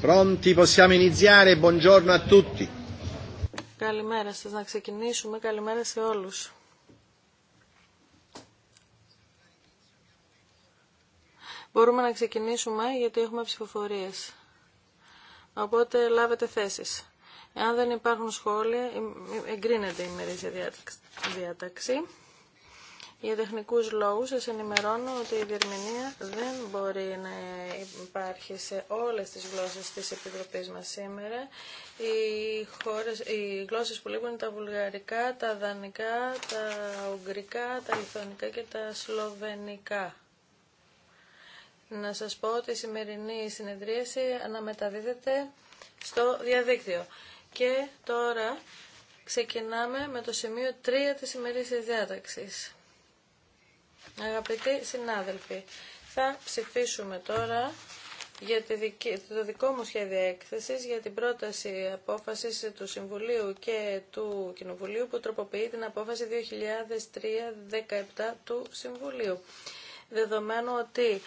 Pronti, possiamo iniziare. Buongiorno a tutti. Καλημέρα σας. Να ξεκινήσουμε. Καλημέρα σε όλους. Μπορούμε να ξεκινήσουμε γιατί έχουμε ψηφοφορίες. Οπότε λάβετε θέσεις. Εάν δεν υπάρχουν σχόλια, εγκρίνεται η μερίζια διάταξη. Για τεχνικούς λόγους σας ενημερώνω ότι η διερμηνία δεν μπορεί να υπάρχει σε όλες τις γλώσσες της Επιτροπής μας σήμερα. Οι, χώρες, οι γλώσσες που λείπουν είναι τα βουλγαρικά, τα δανικά, τα ουγγρικά, τα λιθονικά και τα σλοβενικά. Να σας πω ότι η σημερινή συνεδρίαση αναμεταδίδεται στο διαδίκτυο. Και τώρα ξεκινάμε με το σημείο 3 της σημερινής διάταξης. Αγαπητοί συνάδελφοι, θα ψηφίσουμε τώρα για το δικό μου σχέδιο έκθεσης για την πρόταση απόφασης του Συμβουλίου και του Κοινοβουλίου που τροποποιεί την απόφαση 2003-17 του Συμβουλίου δεδομένου ότι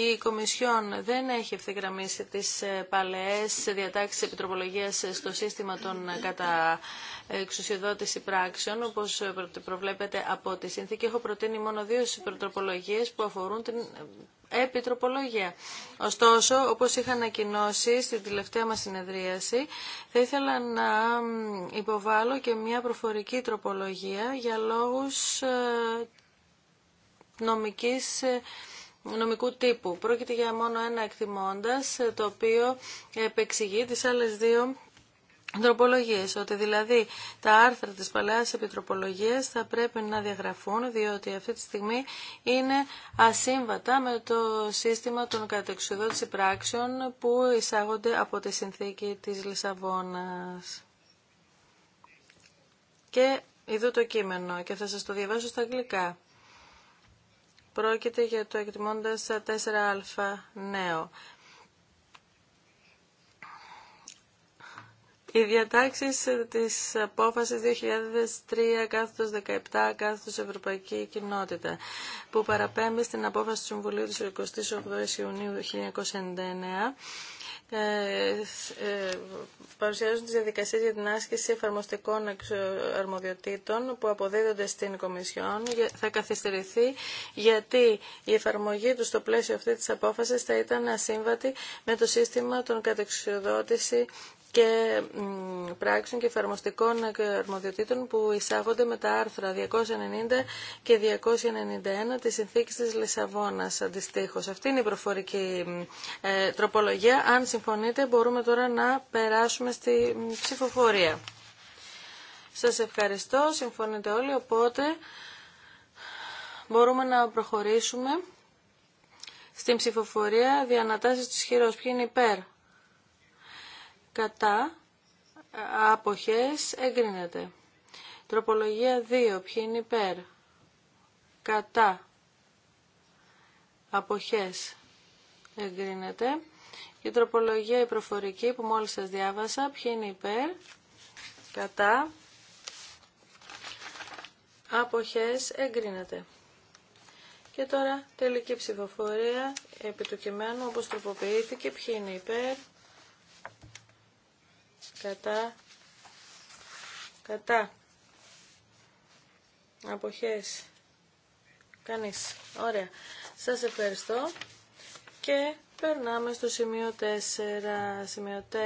η Κομισιόν δεν έχει ευθυγραμμίσει τις ε, παλαιές διατάξεις επιτροπολογίας στο σύστημα των ε, κατά εξουσιοδότηση πράξεων, όπως προβλέπεται από τη συνθήκη. Έχω προτείνει μόνο δύο επιτροπολογίες που αφορούν την επιτροπολογία. Ωστόσο, όπως είχα ανακοινώσει στην τελευταία μας συνεδρίαση, θα ήθελα να υποβάλω και μια προφορική τροπολογία για λόγους ε, νομικής ε, νομικού τύπου. Πρόκειται για μόνο ένα εκτιμώντας, ε, το οποίο επεξηγεί τις άλλες δύο Τροπολογίες, ότι δηλαδή τα άρθρα της Παλαιάς Επιτροπολογίας θα πρέπει να διαγραφούν, διότι αυτή τη στιγμή είναι ασύμβατα με το σύστημα των κατεξουδότηση πράξεων που εισάγονται από τη συνθήκη της Λισαβόνας. Και ειδού το κείμενο, και θα σας το διαβάσω στα αγγλικά. Πρόκειται για το εκτιμώντας 4α νέο. Οι διατάξει της απόφασης 2003 κάθετος 17 κάθετος Ευρωπαϊκή Κοινότητα που παραπέμπει στην απόφαση του Συμβουλίου τη 28 Ιουνίου 1999 ε, ε, παρουσιάζουν τις διαδικασίες για την άσκηση εφαρμοστικών αρμοδιοτήτων που αποδίδονται στην Κομισιόν θα καθυστερηθεί γιατί η εφαρμογή του στο πλαίσιο αυτή της απόφασης θα ήταν ασύμβατη με το σύστημα των κατεξοδότηση και πράξεων και εφαρμοστικών αρμοδιοτήτων που εισάγονται με τα άρθρα 290 και 291 της Συνθήκης της Λισαβόνας αντιστοίχως. Αυτή είναι η προφορική ε, τροπολογία. Αν συμφωνείτε μπορούμε τώρα να περάσουμε στη ψηφοφορία. Σας ευχαριστώ, συμφωνείτε όλοι, οπότε μπορούμε να προχωρήσουμε στην ψηφοφορία διανατάσεις της χειρός. Ποιοι είναι υπέρ κατά, άποχες, ε, εγκρίνεται. Τροπολογία 2, ποιοι είναι υπέρ, κατά, αποχές, εγκρίνεται. Η τροπολογία η προφορική που μόλις σας διάβασα, ποιοι είναι υπέρ, κατά, αποχές, εγκρίνεται. Και τώρα τελική ψηφοφορία επί του κειμένου όπως τροποποιήθηκε, ποιοι είναι υπέρ, κατά κατά αποχές κανείς ωραία σας ευχαριστώ και περνάμε στο σημείο 4 σημείο 4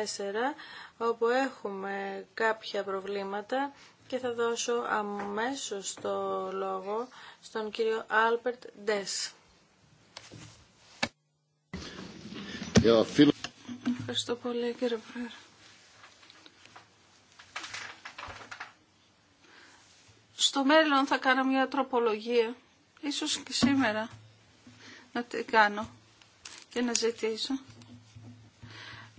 όπου έχουμε κάποια προβλήματα και θα δώσω αμέσως το λόγο στον κύριο Άλπερτ Ντες. Ευχαριστώ πολύ κύριε Πρόεδρε. Στο μέλλον θα κάνω μια τροπολογία, ίσως και σήμερα να την κάνω και να ζητήσω.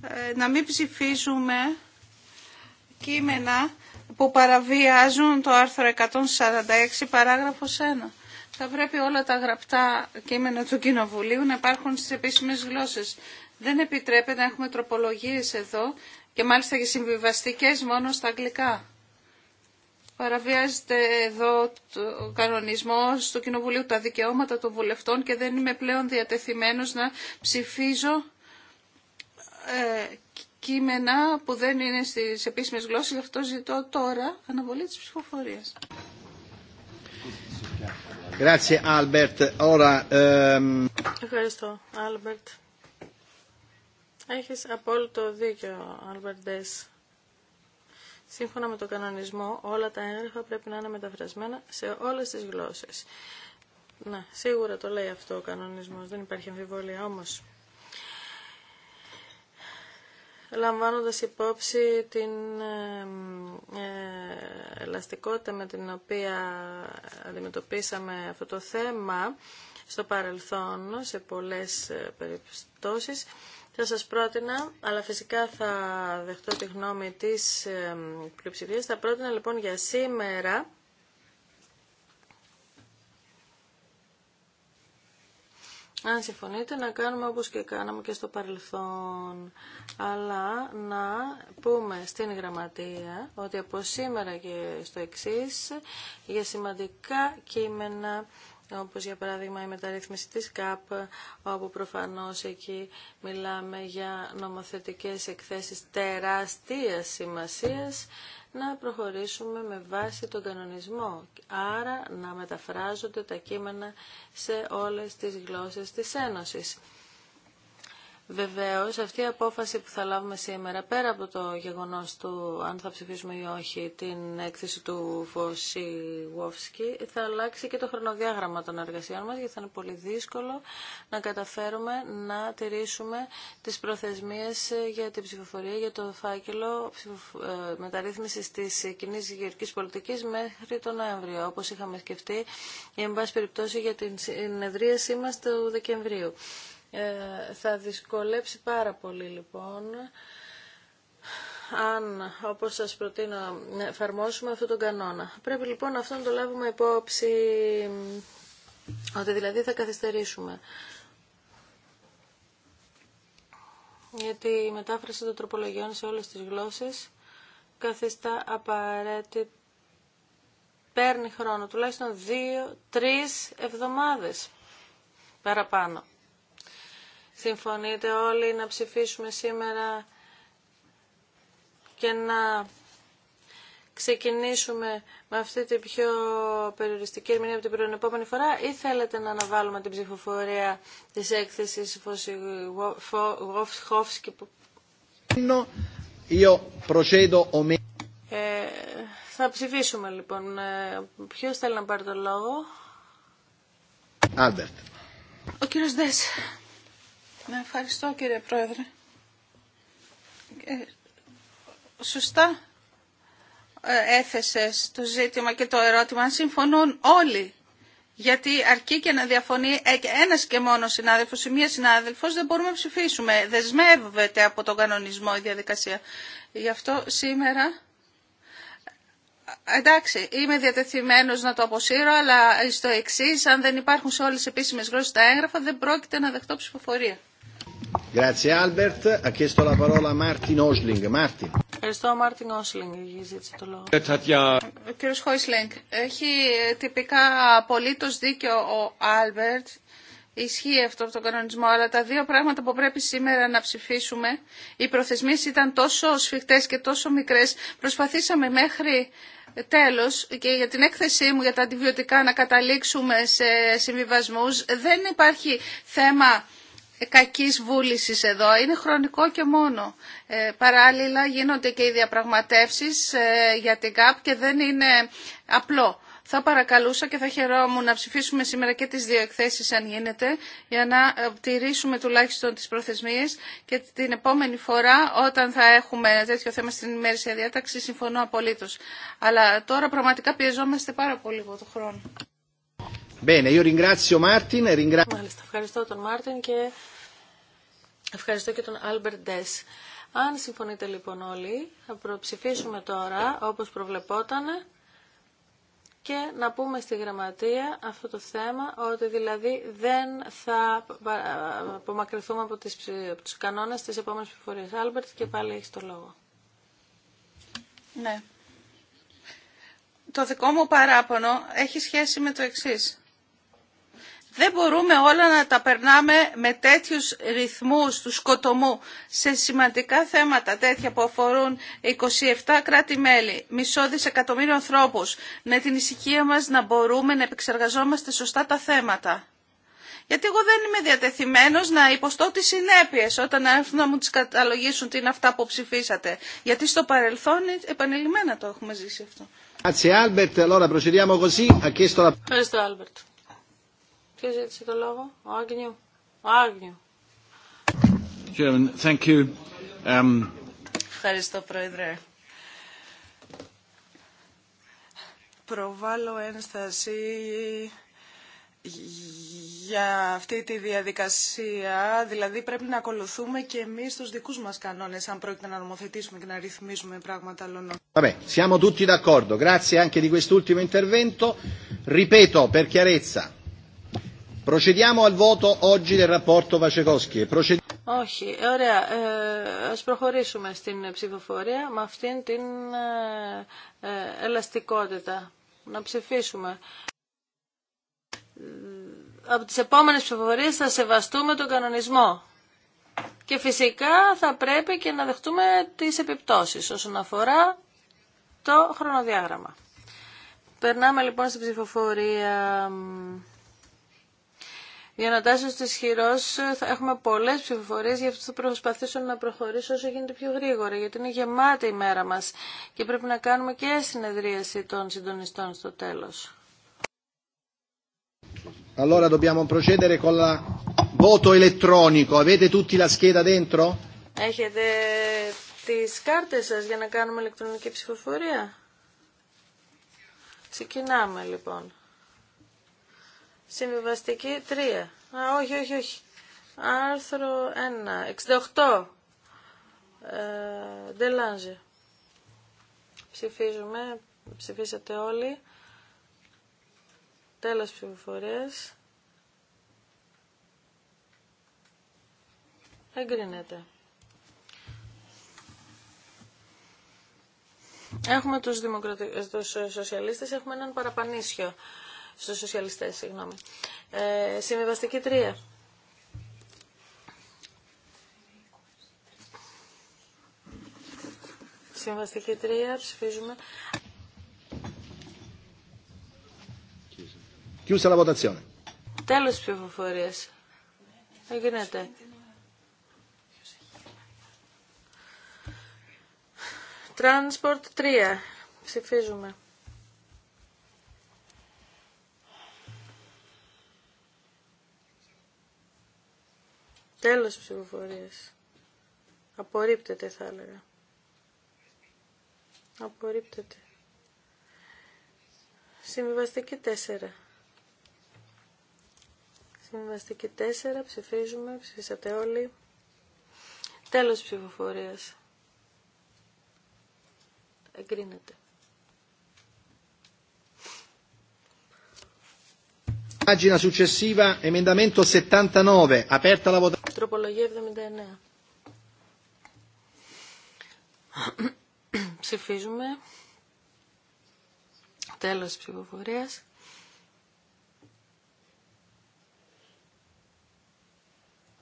Ε, να μην ψηφίζουμε κείμενα που παραβιάζουν το άρθρο 146 παράγραφος 1. Θα πρέπει όλα τα γραπτά κείμενα του Κοινοβουλίου να υπάρχουν στις επίσημες γλώσσες. Δεν επιτρέπεται να έχουμε τροπολογίες εδώ και μάλιστα και συμβιβαστικές μόνο στα αγγλικά παραβιάζεται εδώ ο κανονισμός του Κοινοβουλίου τα δικαιώματα των βουλευτών και δεν είμαι πλέον διατεθειμένος να ψηφίζω ε, κείμενα που δεν είναι στις επίσημες γλώσσες, γι' αυτό ζητώ τώρα αναβολή της ψηφοφορίας. Ehm, Ευχαριστώ, Άλμπερτ. Έχεις απόλυτο δίκιο, Άλμπερτ Σύμφωνα με τον κανονισμό, όλα τα έγγραφα πρέπει να είναι μεταφρασμένα σε όλες τις γλώσσες. Να, σίγουρα το λέει αυτό ο κανονισμός, δεν υπάρχει αμφιβολία όμως. Λαμβάνοντας υπόψη την ε, ε, ελαστικότητα με την οποία αντιμετωπίσαμε αυτό το θέμα στο παρελθόν σε πολλές ε, περιπτώσεις, θα σας πρότεινα, αλλά φυσικά θα δεχτώ τη γνώμη της πλειοψηφίας, θα πρότεινα λοιπόν για σήμερα Αν συμφωνείτε να κάνουμε όπως και κάναμε και στο παρελθόν, αλλά να πούμε στην γραμματεία ότι από σήμερα και στο εξής για σημαντικά κείμενα όπως για παράδειγμα η μεταρρύθμιση της ΚΑΠ, όπου προφανώς εκεί μιλάμε για νομοθετικές εκθέσεις τεράστιας σημασίας, να προχωρήσουμε με βάση τον κανονισμό, άρα να μεταφράζονται τα κείμενα σε όλες τις γλώσσες της Ένωσης. Βεβαίως, αυτή η απόφαση που θα λάβουμε σήμερα, πέρα από το γεγονός του αν θα ψηφίσουμε ή όχι την έκθεση του Γουφσκι, θα αλλάξει και το χρονοδιάγραμμα των εργασιών μας, γιατί θα είναι πολύ δύσκολο να καταφέρουμε να τηρήσουμε τις προθεσμίες για την ψηφοφορία, για το φάκελο ε, μεταρρύθμισης τη κοινή γεωργική πολιτική μέχρι τον Νοέμβριο, όπω είχαμε σκεφτεί, εν πάση περιπτώσει για την συνεδρίασή μας του Δεκεμβρίου. Ε, θα δυσκολέψει πάρα πολύ λοιπόν αν, όπως σας προτείνω, εφαρμόσουμε αυτόν τον κανόνα. Πρέπει λοιπόν αυτό να το λάβουμε υπόψη, ότι δηλαδή θα καθυστερήσουμε. Γιατί η μετάφραση των τροπολογιών σε όλες τις γλώσσες καθιστά απαραίτητη παίρνει χρόνο, τουλάχιστον δύο-τρεις εβδομάδες παραπάνω. Συμφωνείτε όλοι να ψηφίσουμε σήμερα και να ξεκινήσουμε με αυτή την πιο περιοριστική ερμηνεία από την προηγούμενη φορά ή θέλετε να αναβάλουμε την ψηφοφορία της έκθεσης Φωσιγόφσκι που... Ε, θα ψηφίσουμε λοιπόν. Ε, ποιος θέλει να πάρει το λόγο. Ο κύριος Δέσ. Ναι, ευχαριστώ κύριε Πρόεδρε. Ε, σωστά ε, έθεσες το ζήτημα και το ερώτημα αν συμφωνούν όλοι. Γιατί αρκεί και να διαφωνεί ε, ένας και μόνο συνάδελφος ή μία συνάδελφος δεν μπορούμε να ψηφίσουμε. Δεσμεύεται από τον κανονισμό η διαδικασία. Γι' αυτό σήμερα... Εντάξει, είμαι διατεθειμένος να το αποσύρω, αλλά στο εξή, αν δεν υπάρχουν σε όλε τι επίσημε γλώσσε τα έγγραφα, δεν πρόκειται να δεχτώ ψηφοφορία. Grazie Albert. Ha chiesto la parola Martin Ευχαριστώ, Μάρτιν Όσλινγκ, ζήτησε το λόγο. Ε, ο κύριος Χόισλινγκ, έχει ε, τυπικά απολύτω δίκιο ο Άλβερτ. Ισχύει αυτό από τον κανονισμό, αλλά τα δύο πράγματα που πρέπει σήμερα να ψηφίσουμε, οι προθεσμίε ήταν τόσο σφιχτέ και τόσο μικρέ. προσπαθήσαμε μέχρι τέλο και για την έκθεσή μου για τα αντιβιωτικά να καταλήξουμε σε συμβιβασμού. Δεν υπάρχει θέμα κακής βούλησης εδώ. Είναι χρονικό και μόνο. Ε, παράλληλα γίνονται και οι διαπραγματεύσεις ε, για την ΚΑΠ και δεν είναι απλό. Θα παρακαλούσα και θα χαιρόμουν να ψηφίσουμε σήμερα και τις δύο εκθέσεις αν γίνεται για να ε, τηρήσουμε τουλάχιστον τις προθεσμίες και την επόμενη φορά όταν θα έχουμε τέτοιο θέμα στην ημέρησια διάταξη συμφωνώ απολύτως. Αλλά τώρα πραγματικά πιεζόμαστε πάρα πολύ από το χρόνο. Bene, e ευχαριστώ τον Μάρτιν Ευχαριστώ και τον Άλμπερ Ντες. Αν συμφωνείτε λοιπόν όλοι, θα προψηφίσουμε τώρα όπως προβλεπόταν και να πούμε στη γραμματεία αυτό το θέμα, ότι δηλαδή δεν θα απομακρυνθούμε από, τις, από τους κανόνες της επόμενης ψηφορίας. Άλμπερτ και πάλι έχει το λόγο. Ναι. Το δικό μου παράπονο έχει σχέση με το εξής. Δεν μπορούμε όλα να τα περνάμε με τέτοιους ρυθμούς του σκοτωμού σε σημαντικά θέματα τέτοια που αφορούν 27 κράτη-μέλη, μισό δισεκατομμύριο ανθρώπους, με την ησυχία μας να μπορούμε να επεξεργαζόμαστε σωστά τα θέματα. Γιατί εγώ δεν είμαι διατεθειμένος να υποστώ τις συνέπειες όταν έρθουν να μου τις καταλογίσουν τι είναι αυτά που ψηφίσατε. Γιατί στο παρελθόν επανειλημμένα το έχουμε ζήσει αυτό. Ευχαριστώ, Άλμπερτ. Ποιο ζήτησε το λόγο, ο Άγνιου. Um, Ευχαριστώ, Πρόεδρε. Προβάλλω ένσταση για αυτή τη διαδικασία, δηλαδή πρέπει να ακολουθούμε και εμείς τους δικούς μας κανόνες αν πρόκειται να νομοθετήσουμε και να ρυθμίσουμε πράγματα άλλων. Vabbè, siamo tutti d'accordo. Grazie anche di quest'ultimo intervento. Ripeto per chiarezza, όχι, ωραία. Ε, ας προχωρήσουμε στην ψηφοφορία με αυτήν την ε, ε, ελαστικότητα. Να ψηφίσουμε. Από τις επόμενες ψηφοφορίες θα σεβαστούμε τον κανονισμό. Και φυσικά θα πρέπει και να δεχτούμε τις επιπτώσεις όσον αφορά το χρονοδιάγραμμα. Περνάμε λοιπόν στην ψηφοφορία... Για να τάσω τη θα έχουμε πολλέ ψηφοφορίε, γι' αυτό θα προσπαθήσω να προχωρήσω όσο γίνεται πιο γρήγορα, γιατί είναι γεμάτη η μέρα μα και πρέπει να κάνουμε και συνεδρίαση των συντονιστών στο τέλο. Allora dobbiamo procedere con la voto elettronico. Avete tutti la scheda dentro? Έχετε τι κάρτε σα για να κάνουμε ηλεκτρονική ψηφοφορία. Ξεκινάμε λοιπόν. Συμβιβαστική 3. Α, όχι, όχι, όχι. Άρθρο 1. 68. Ε, Ντελάνζε. Ψηφίζουμε. Ψηφίσατε όλοι. Τέλος ψηφοφορίας. Εγκρίνεται. Έχουμε τους, δημοκρατι... Ε, τους σοσιαλίστες, έχουμε έναν παραπανίσιο στους σοσιαλιστές, συγγνώμη. Ε, συμβιβαστική τρία. Συμβαστική τρία. ψηφίζουμε. Chiusa la votazione. Τέλος της ψηφοφορίας. Εγινέται. Transport 3. Ψηφίζουμε. Τέλος ψηφοφορίας. Απορρίπτεται θα έλεγα. Απορρίπτεται. Συμβιβαστική 4. Συμβιβαστική 4. Ψηφίζουμε. Ψηφίσατε όλοι. Τέλος ψηφοφορίας. Εγκρίνεται. pagina successiva, emendamento 79, aperta la votazione. Τροπολογία 79. Ψηφίζουμε. Τέλος της ψηφοφορίας.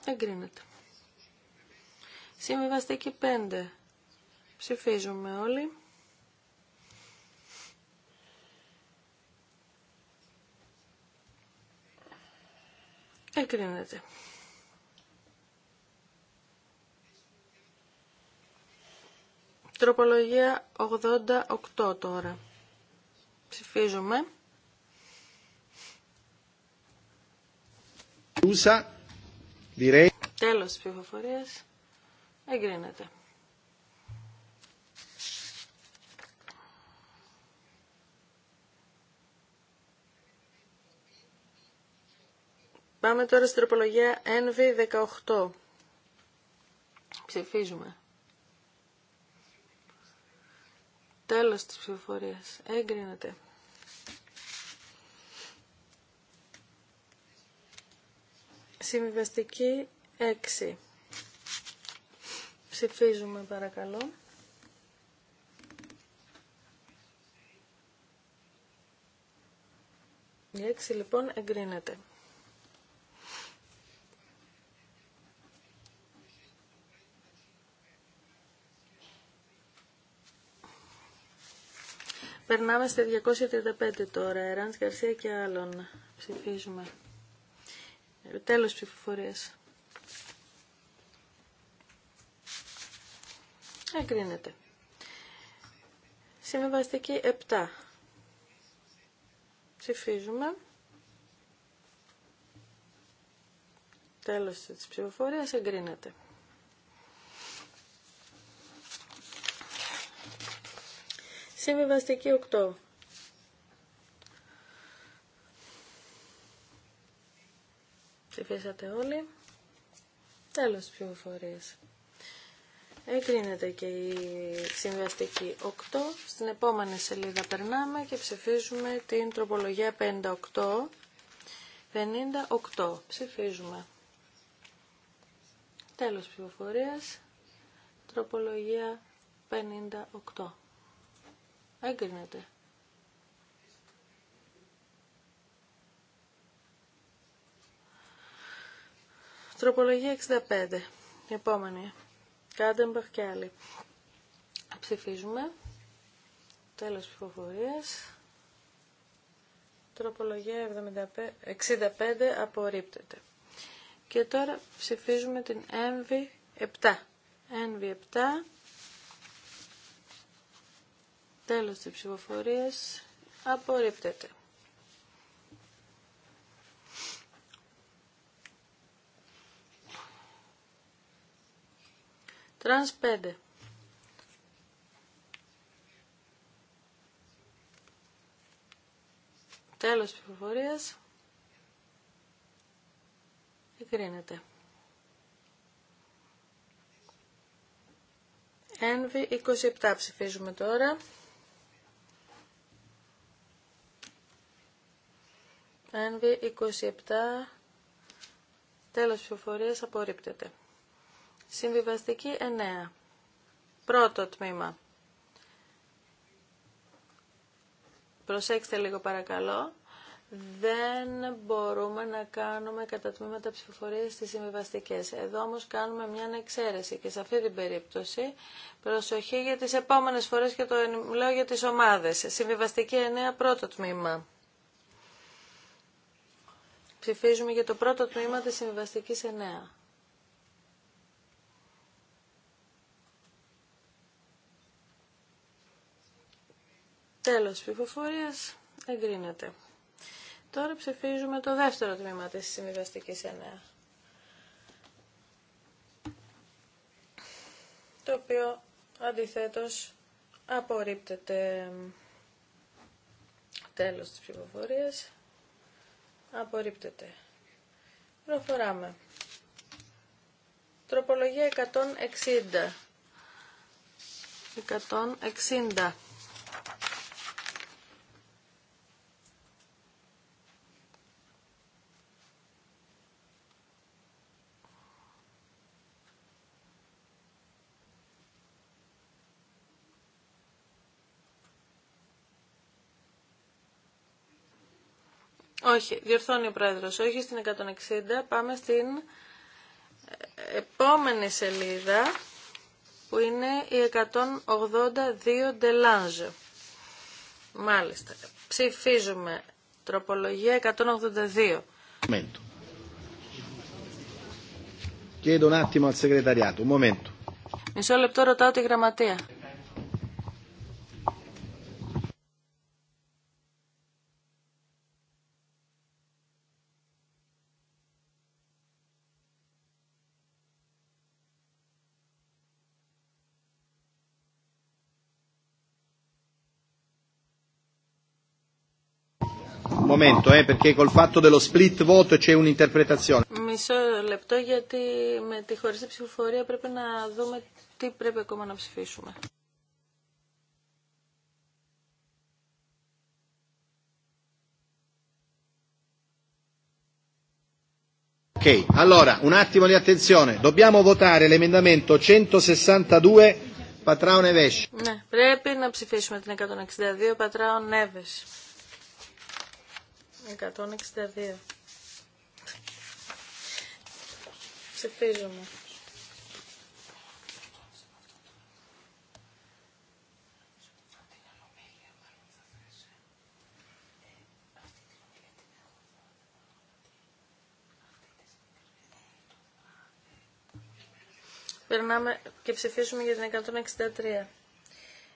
Εγκρίνεται. Συμβιβαστική 5. Ψηφίζουμε όλοι. Εγκρίνεται. Τροπολογία 88 τώρα. Ψηφίζουμε. Τέλος της ψηφοφορίας. Εγκρίνεται. Πάμε τώρα στην τροπολογία NV18. Ψηφίζουμε. Τέλος της ψηφοφορίας. Έγκρινεται. Συμβιβαστική 6. Ψηφίζουμε παρακαλώ. Η 6 λοιπόν εγκρίνεται. Περνάμε στη 235 τώρα. Εράντς Γκαρσία και άλλων. Ψηφίζουμε. Ε, τέλος ψηφοφορίας. Εγκρίνεται. Συμβαστική 7. Ψηφίζουμε. Τέλος της ψηφοφορίας εγκρίνεται. Συμβιβαστική 8. Ψηφίσατε όλοι. Τέλος της ψηφοφορίας. Εκρίνεται και η συμβαστική 8. Στην επόμενη σελίδα περνάμε και ψηφίζουμε την τροπολογία 58. 58. Ψηφίζουμε. Τέλος ψηφοφορίας. Τροπολογία 58. Έγκρινεται. Τροπολογία 65. Επόμενη. Κάντεμπαχ και άλλοι. Ψηφίζουμε. Τέλος ψηφοφορίας. Τροπολογία 75, 65 απορρίπτεται. Και τώρα ψηφίζουμε την NV7. NV7 Τέλος της ψηφοφορίας. Απορρίπτεται. Τρανς 5. Τέλος ψηφοφορίας. Εγκρίνεται. Envy 27 ψηφίζουμε τώρα. Ένβη 27. Τέλος ψηφοφορία απορρίπτεται. Συμβιβαστική 9. Πρώτο τμήμα. Προσέξτε λίγο παρακαλώ. Δεν μπορούμε να κάνουμε κατά τμήματα ψηφοφορία στις συμβιβαστικές. Εδώ όμως κάνουμε μια εξαίρεση και σε αυτή την περίπτωση προσοχή για τις επόμενες φορές και το λέω για τις ομάδες. Συμβιβαστική 9 πρώτο τμήμα. Ψηφίζουμε για το πρώτο τμήμα της συμβαστικής 9. Τέλος ψηφοφορίας εγκρίνεται. Τώρα ψηφίζουμε το δεύτερο τμήμα της συμβιβαστικής έννεα. το οποίο αντιθέτως απορρίπτεται τέλος της ψηφοφορίας. Απορρίπτεται. Προχωράμε. Τροπολογία 160. 160. Όχι, διορθώνει ο πρόεδρος. Όχι στην 160, πάμε στην επόμενη σελίδα που είναι η 182 Delange. Μάλιστα. Ψηφίζουμε τροπολογία 182. Chiedo un attimo al segretariato, un momento. Μισό λεπτό ρωτάω τη γραμματεία. momento, eh, perché col fatto dello split vote c'è un'interpretazione. Μισό λεπτό γιατί με τη χωριστή ψηφοφορία πρέπει να δούμε τι πρέπει ακόμα να ψηφίσουμε. Ok, allora un attimo di attenzione. Dobbiamo votare l'emendamento 162 Πατράων Εβές. Ναι, πρέπει να ψηφίσουμε την 162 Πατράων Εβές. 162. Ψηφίζουμε. Περνάμε και ψηφίσουμε για την 163.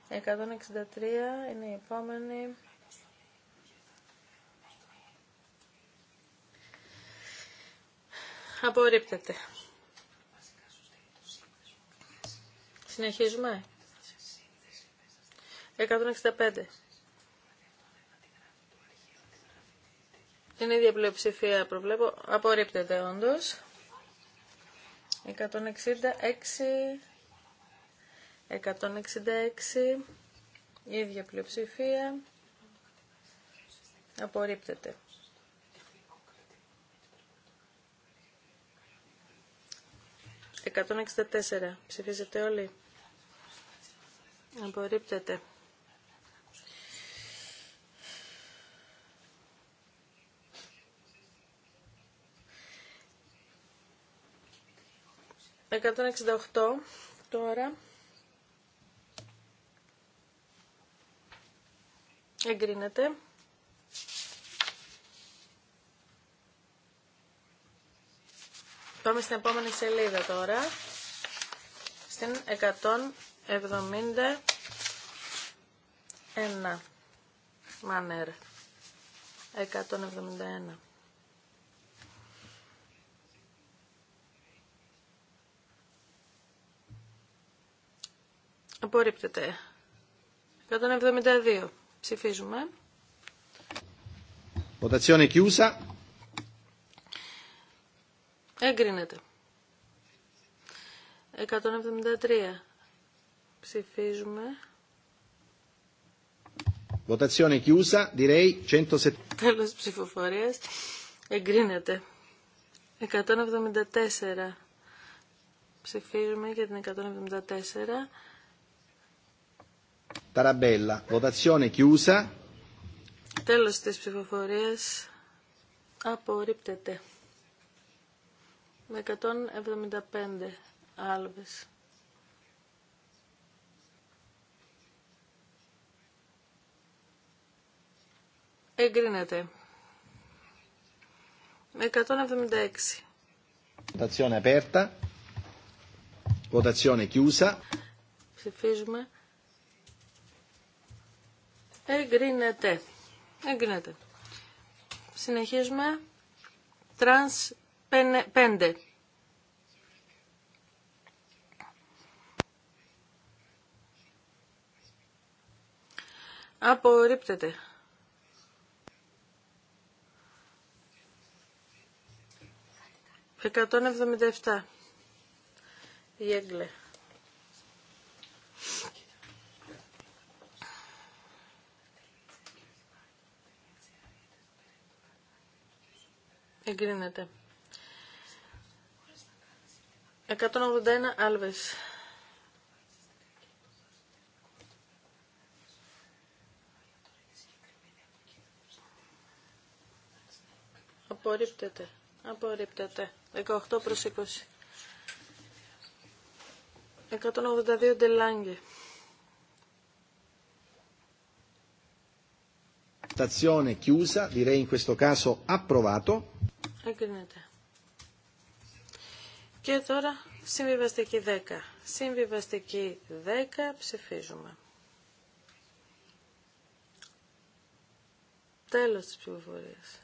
163 είναι η επόμενη. Απορρίπτεται. Συνεχίζουμε. 165. Είναι η ίδια πλειοψηφία, προβλέπω. Απορρίπτεται όντως. 166. 166. Η ίδια πλειοψηφία. Απορρίπτεται. 164. Ψηφίζετε όλοι. Απορρίπτεται. 168 τώρα. Εγκρίνεται. Πάμε στην επόμενη σελίδα τώρα. Στην 171. Μάνερ. 171. Απορρίπτεται. 172. Ψηφίζουμε. Votazione chiusa. Εγκρίνεται. 173. Ψηφίζουμε. Votazione chiusa, direi 170. Τέλος ψηφοφορίας. Εγκρίνεται. 174. Ψηφίζουμε για την 174. Ταραμπέλα. Votazione chiusa. Τέλος της ψηφοφορίας. Απορρίπτεται με 175 άλβες. Εγκρίνεται. Με 176. Votazione aperta. Votazione chiusa. Ψηφίζουμε. Εγκρίνεται. Εγκρίνεται. Συνεχίζουμε. Τρανς 5. Απορρίπτεται. Εκατόν εβδομήντα εφτά. έγκλε. Εγκρίνεται. 181 Άλβες. Απορρίπτεται. Απορρίπτεται. 18 προς 20. 182 Ντελάνγκε. Stazione chiusa, direi in questo caso approvato. Εγκρίνεται. Και τώρα συμβιβαστική 10. Συμβιβαστική 10 ψηφίζουμε. Τέλος της ψηφοφορίας.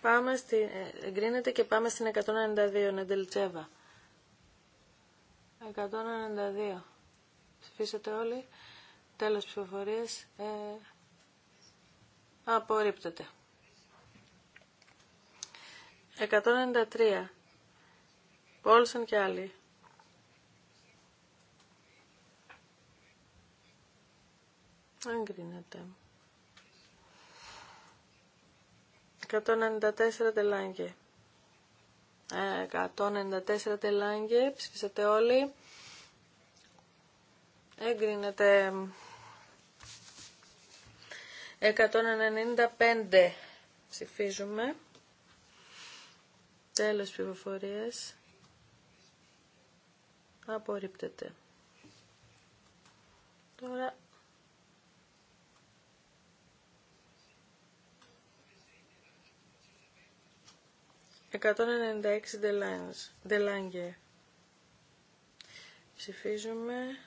Πάμε στην. Ε, εγκρίνεται και πάμε στην 192, Νεντελτσέβα. 192. Ψηφίσατε όλοι. Τέλος ψηφοφορίας. Ε, απορρίπτεται. 193. Πόλσεν και άλλοι. Αν 194 τελάγγε. 194 τελάγγε. Ψηφίσατε όλοι. Έγκρινεται. 195 ψηφίζουμε. Τέλος πληροφορίες. Απορρίπτεται. Τώρα... Εκατόν ενενήντα Ψηφίζουμε.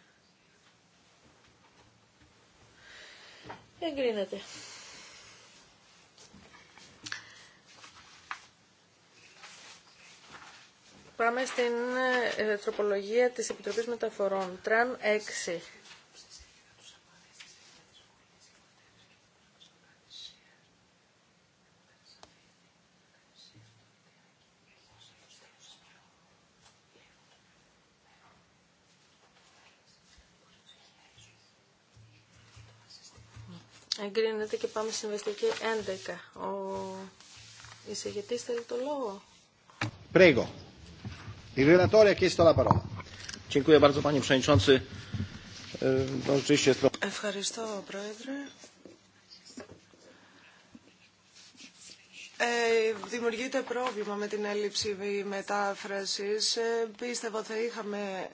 Εγκρίνεται. Πάμε στην ε, τροπολογία της Επιτροπής Μεταφορών. Τραν 6. Εγκρίνεται και πάμε στην βεστική 11. Ο εισηγητής θέλει το λόγο. Prego. Il relatore ha chiesto la parola. Ευχαριστώ, Πρόεδρε. Ε, δημιουργείται πρόβλημα με την έλλειψη μετάφρασης. Ε, πίστευα ότι θα είχαμε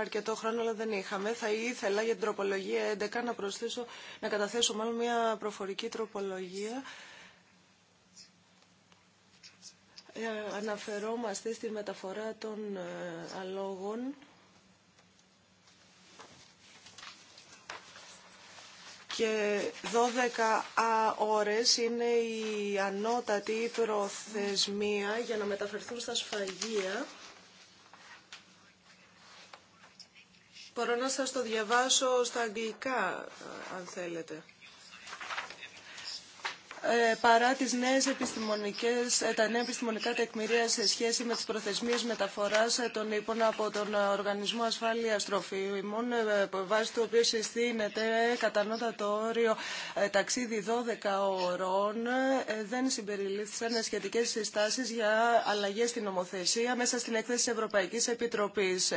αρκετό χρόνο, αλλά δεν είχαμε. Θα ήθελα για την τροπολογία 11 να προσθέσω, να καταθέσω μάλλον μια προφορική τροπολογία. Ε, αναφερόμαστε στη μεταφορά των ε, αλόγων και 12 ώρες είναι η ανώτατη προθεσμία για να μεταφερθούν στα σφαγεία. Μπορώ να σας το διαβάσω στα αγγλικά, αν θέλετε. Ε, παρά τις νέες επιστημονικές, ε, τα νέα επιστημονικά τεκμηρία σε σχέση με τις προθεσμίες μεταφοράς ε, των λοιπόν από τον Οργανισμό Ασφάλειας Τροφίμων, βάσει του οποίου συστήνεται κατανότατο όριο ταξίδι 12 ώρων, δεν συμπεριλήφθησαν σχετικές συστάσεις για αλλαγές στην νομοθεσία μέσα στην έκθεση της Ευρωπαϊκής Επιτροπής.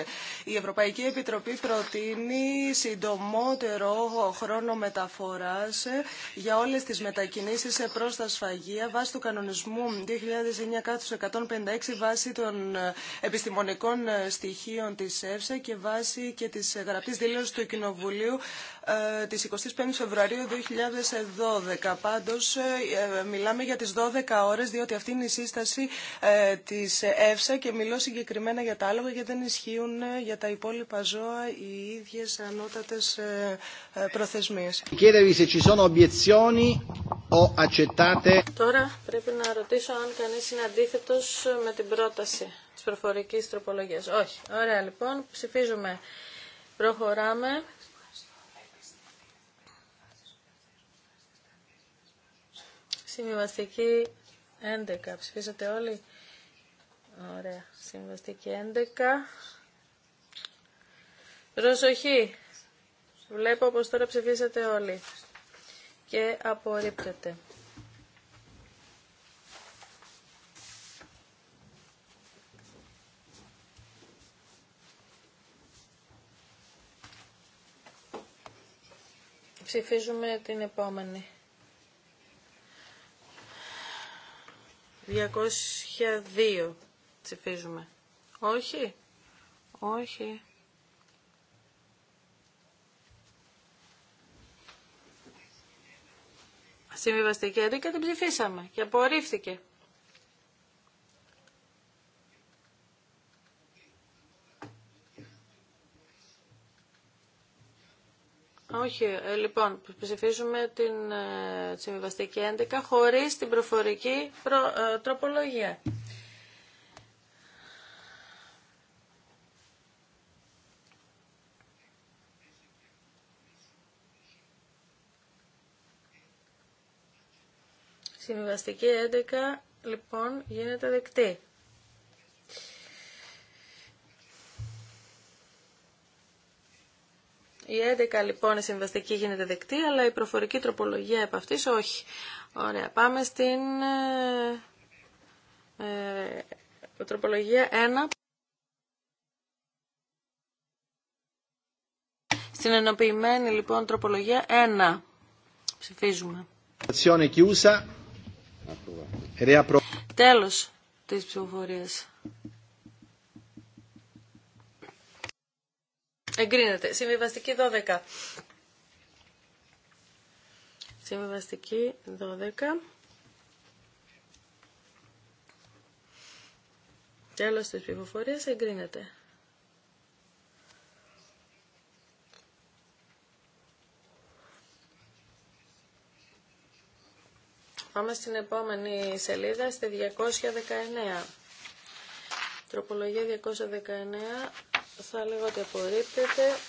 Η Ευρωπαϊκή Επιτροπή προτείνει συντομότερο χρόνο μεταφοράς για όλες τις μετακινήσεις σε τα σφαγεία βάσει του κανονισμού 2009-156 βάσει των ε, επιστημονικών ε, στοιχείων της ΕΦΣΑ και βάσει και της ε, γραπτής δήλωσης του Κοινοβουλίου ε, της 25 Φεβρουαρίου 2012. Πάντως μιλάμε για τις 12 ώρες διότι αυτή είναι η σύσταση ε, της ΕΦΣΑ και μιλώ συγκεκριμένα για τα άλογα γιατί δεν ισχύουν για τα υπόλοιπα ζώα οι ίδιες ανώτατες προθεσμίες. se ci sono obiezioni o Τώρα πρέπει να ρωτήσω αν κανείς είναι αντίθετος με την πρόταση της προφορικής τροπολογίας. Όχι. Ωραία λοιπόν. Ψηφίζουμε. Προχωράμε. Συμβιβαστική 11. Ψηφίσατε όλοι. Ωραία. Συμβιβαστική 11. Προσοχή. Βλέπω πως τώρα ψηφίσατε όλοι και απορρίπτεται. Ψηφίζουμε την επόμενη. 202 ψηφίζουμε. Όχι. Όχι. Συμβιβαστική και την ψηφίσαμε και απορρίφθηκε. Ε, λοιπόν, ψηφίσουμε την ε, συμβιβαστική 11 χωρίς την προφορική ε, τροπολογία. Συμβιβαστική 11, λοιπόν, γίνεται δεκτή. Η 11 λοιπόν η συμβαστική γίνεται δεκτή, αλλά η προφορική τροπολογία επ' αυτής όχι. Ωραία, πάμε στην ε, ε τροπολογία 1. Στην ενοποιημένη λοιπόν τροπολογία 1. Ψηφίζουμε. Τέλος της ψηφοφορίας. Εγκρίνεται. Συμβιβαστική 12. Συμβιβαστική 12. Τέλος της ψηφοφορίας εγκρίνεται. Πάμε στην επόμενη σελίδα, στη 219. Τροπολογία 219 θα λέγω ότι απορρίπτεται.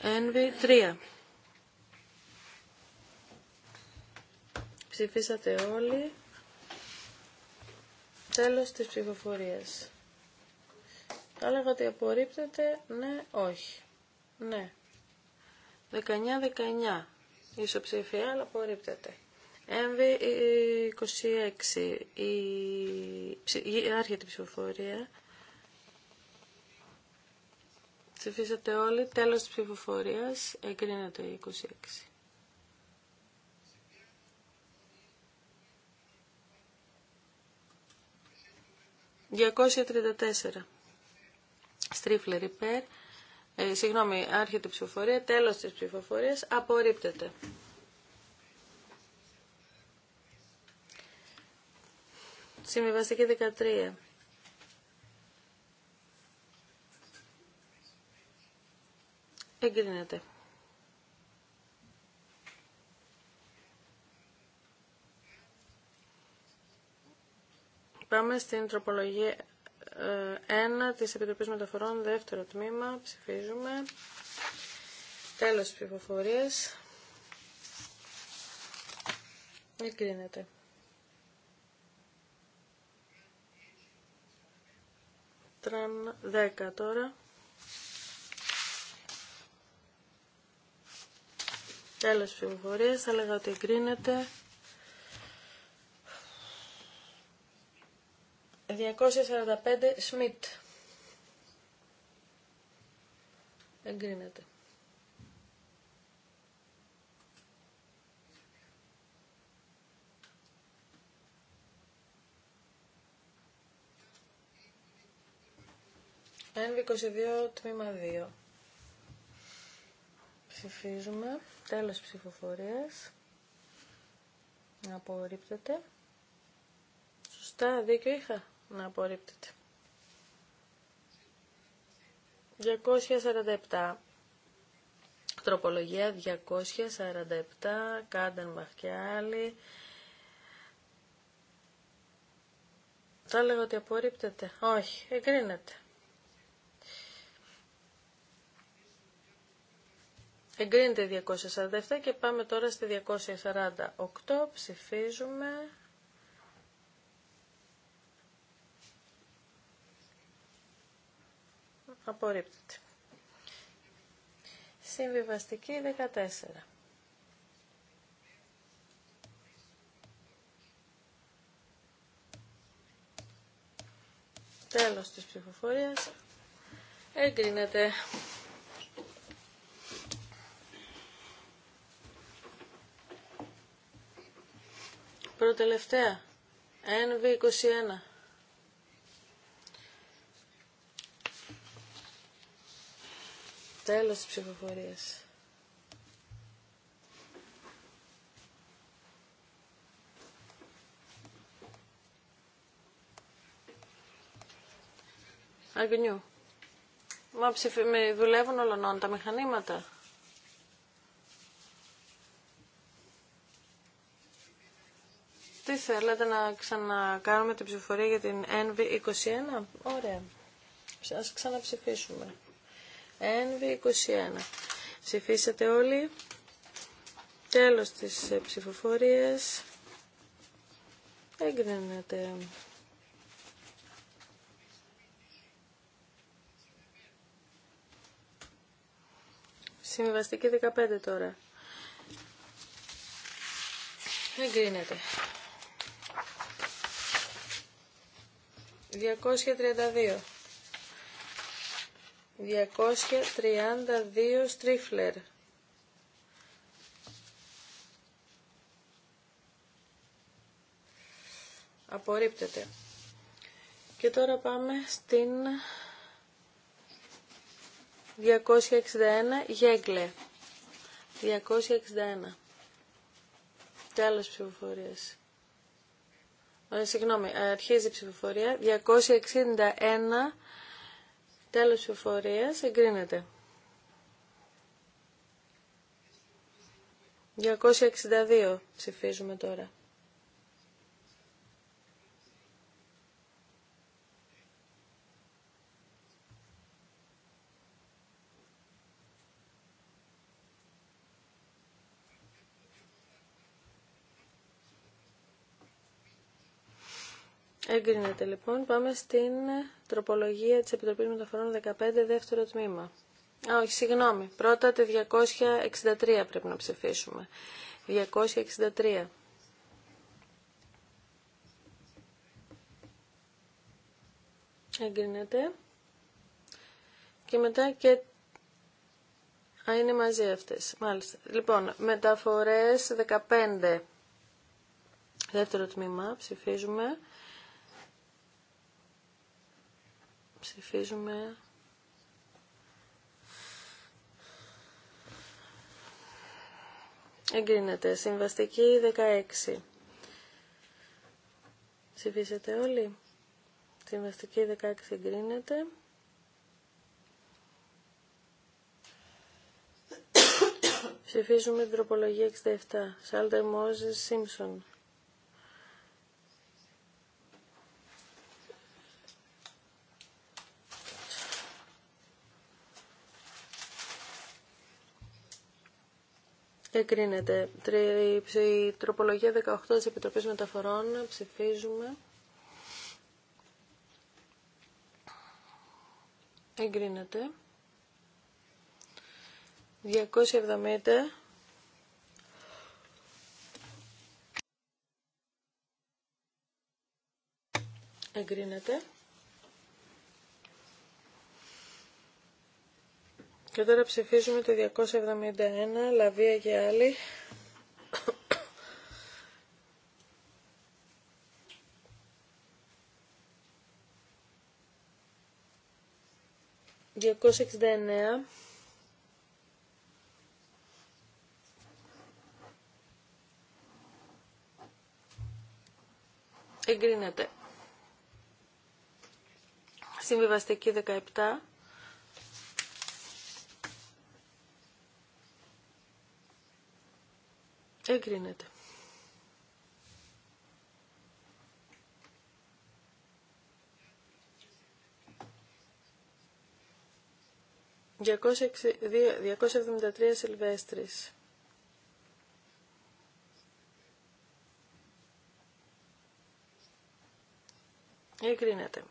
ΕΝΒΙ NV3. Ψηφίσατε όλοι. Τέλος της ψηφοφορίας. Θα έλεγα ότι απορρίπτεται ναι, όχι. Ναι. 19-19. Ισοψηφία, αλλά απορρίπτεται. Έμβη 26. Η... αρχή Άρχεται η ψηφοφορία. Ψηφίσατε όλοι. Τέλος της ψηφοφορίας. Εγκρίνεται η 26. «234. Στρίφλερ υπέρ, ε, συγγνώμη, άρχεται η ψηφοφορία, τέλος της ψηφοφορίας, απορρίπτεται. Συμβιβαστική 13. Εγκρίνεται. Πάμε στην τροπολογία 1 της Επιτροπής Μεταφορών, δεύτερο τμήμα, ψηφίζουμε. Τέλος της ψηφοφορίας. Εγκρίνεται. Τραν 10 τώρα. Τέλος της ψηφοφορίας. Θα λέγα ότι εγκρίνεται. 245 Σμιτ. Εγκρίνεται. ΕΝΒ22 τμήμα 2. Ψηφίζουμε. Τέλος ψηφοφορίας. Απορρίπτεται. Σωστά, δίκιο είχα να απορρίπτεται. 247. Τροπολογία 247, Κάντεν και άλλοι. Θα έλεγα ότι απορρίπτεται. Όχι, εγκρίνεται. Εγκρίνεται 247 και πάμε τώρα στη 248. Ψηφίζουμε. Απορρίπτεται. Συμβιβαστική 14. Τέλος της ψηφοφορίας. Εγκρίνεται. Προτελευταία. NV21. Τέλος της ψηφοφορίας. Αγνιού. Μα ψηφι... με δουλεύουν ολονών τα μηχανήματα. Τι θέλετε να ξανακάνουμε την ψηφοφορία για την NV21. Ωραία. Ας ξαναψηφίσουμε. NV21. Ψηφίσατε όλοι. Τέλος της ε, ψηφοφορίας. Εγκρίνεται. Συμβαστική 15 τώρα. Εγκρίνεται. 232. 232 στρίφλερ. Απορρίπτεται. Και τώρα πάμε στην 261 γέγκλε. 261. Και άλλες ψηφοφορίες. Ε, συγγνώμη, ε, αρχίζει η ψηφοφορία. 261 Τέλος εφορία Εγκρίνεται. 262 ψηφίζουμε τώρα. Εγκρίνεται λοιπόν. Πάμε στην τροπολογία της Επιτροπής Μεταφορών 15, δεύτερο τμήμα. Α, όχι, συγγνώμη. Πρώτα τη 263 πρέπει να ψηφίσουμε. 263. Εγκρίνεται. Και μετά και... Α, είναι μαζί αυτές. Μάλιστα. Λοιπόν, μεταφορές 15. Δεύτερο τμήμα. Ψηφίζουμε. Ψηφίζουμε. Εγκρίνεται. Συμβαστική 16. Ψηφίσατε όλοι. Συμβαστική 16 εγκρίνεται. Ψηφίζουμε την τροπολογία 67. Σάλτερ Μόζες Σίμψον. Εγκρίνεται. Η τροπολογία 18 της Επιτροπής Μεταφορών. Ψηφίζουμε. Εγκρίνεται. 270. Εγκρίνεται. Και τώρα ψηφίζουμε το 271, Λαβία και άλλοι. ...269... Εγκρίνεται. Συμβιβαστική 17... Εγκρίνεται. ...273 Σιλβέστρης. Εγκρίνεται.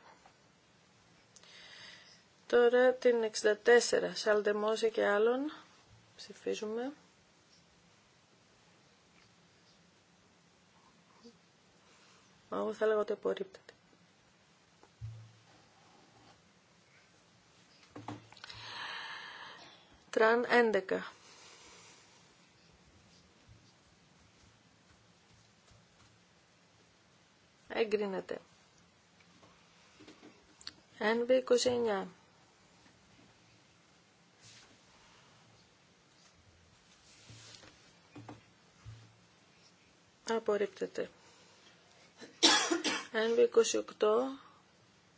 Τώρα την 64, Σαλντεμόζη και άλλων. Ψηφίζουμε. Εγώ θα έλεγα ότι απορρίπτεται. Τραν 11. Εγκρίνεται. Ένβη 29. Απορρίπτεται. 28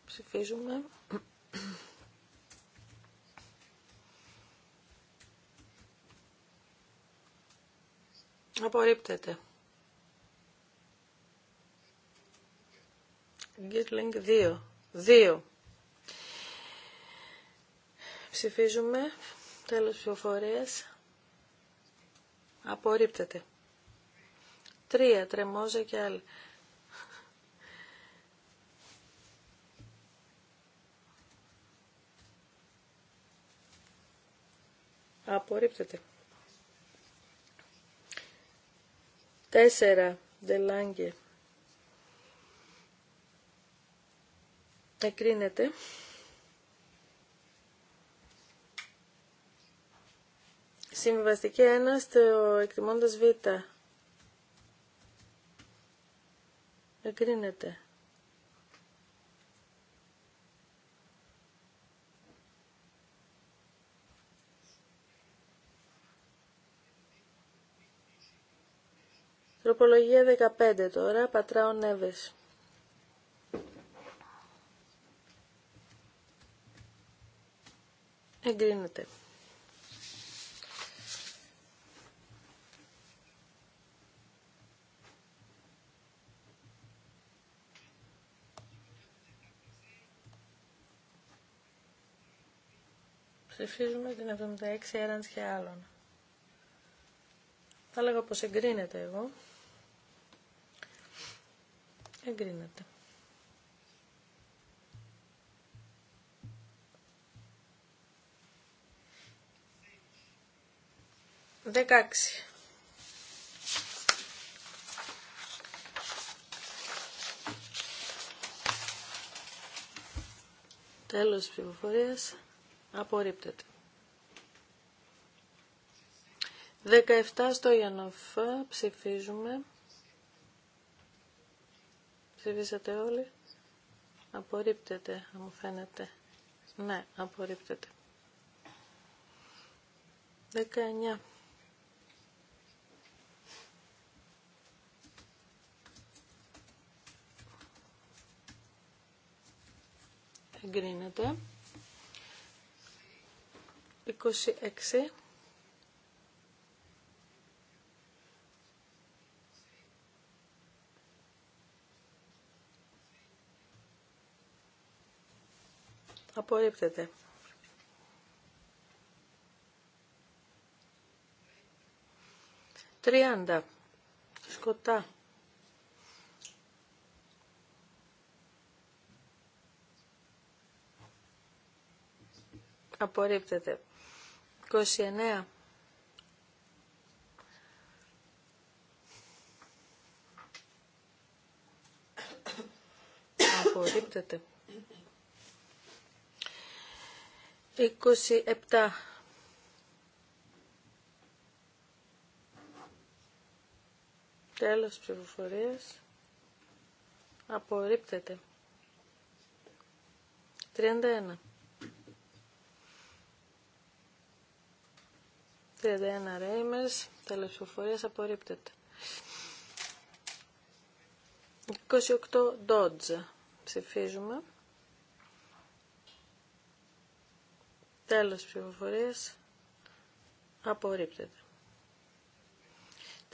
ψηφίζουμε. Απορρίπτεται. Γκίτλινγκ 2. 2. Ψηφίζουμε. Τέλος ψηφοφορίας. Απορρίπτεται. 3. Τρεμόζα και άλλοι. Απορρίπτεται. Τέσσερα δελάγγε. Εκρίνεται. Συμβιβαστική ένα στο εκτιμώντας β. Εκρίνετε. Τροπολογία 15 τώρα, πατραων Νέβες. Εγκρίνεται. Ψηφίζουμε την 76 έραντς και άλλων. Θα έλεγα πως εγκρίνεται εγώ. Εγκρίνεται. Δεκάξι. Τέλος της ψηφοφορίας. Απορρίπτεται. 17 στο Ιανοφ ψηφίζουμε. Ψηφίσατε όλοι. Απορρίπτεται, μου φαίνεται. Ναι, απορρίπτεται. 19. Εγκρίνεται. 26. Απορρίπτεται. Τριάντα. Σκοτά. Απορρίπτεται. 29. Απορρίπτεται. 27. Τέλος ψηφοφορίας. Απορρίπτεται. 31. 31 Ρέιμερς, τέλος ψηφοφορίας απορρίπτεται. 28 Dodge ψηφίζουμε. Τέλος ψηφοφορίας. Απορρίπτεται.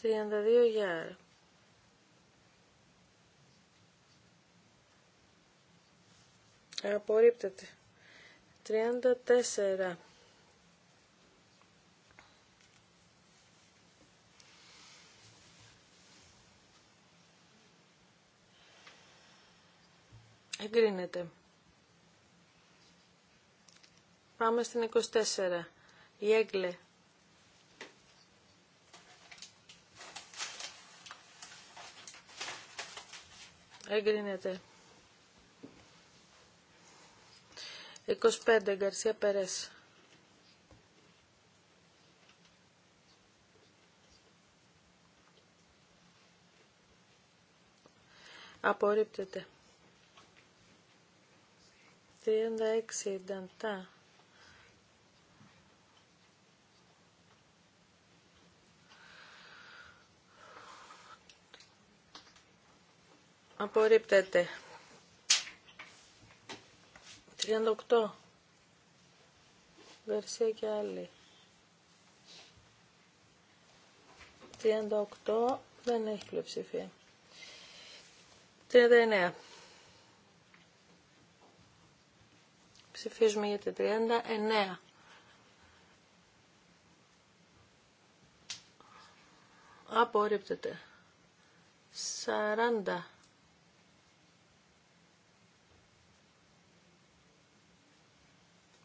32 για Απορρίπτεται. 34. Εγκρίνεται. Πάμε στην 24. Η Έγκλε. Εγκρίνεται. 25. Γκαρσία Περές. Απορρίπτεται. 36. Νταντά. Απορρίπτεται. 38. Βερσία και άλλη. 38 δεν έχει πλειοψηφία. 39. Ψηφίζουμε για τα 39. Απορρίπτεται. 40.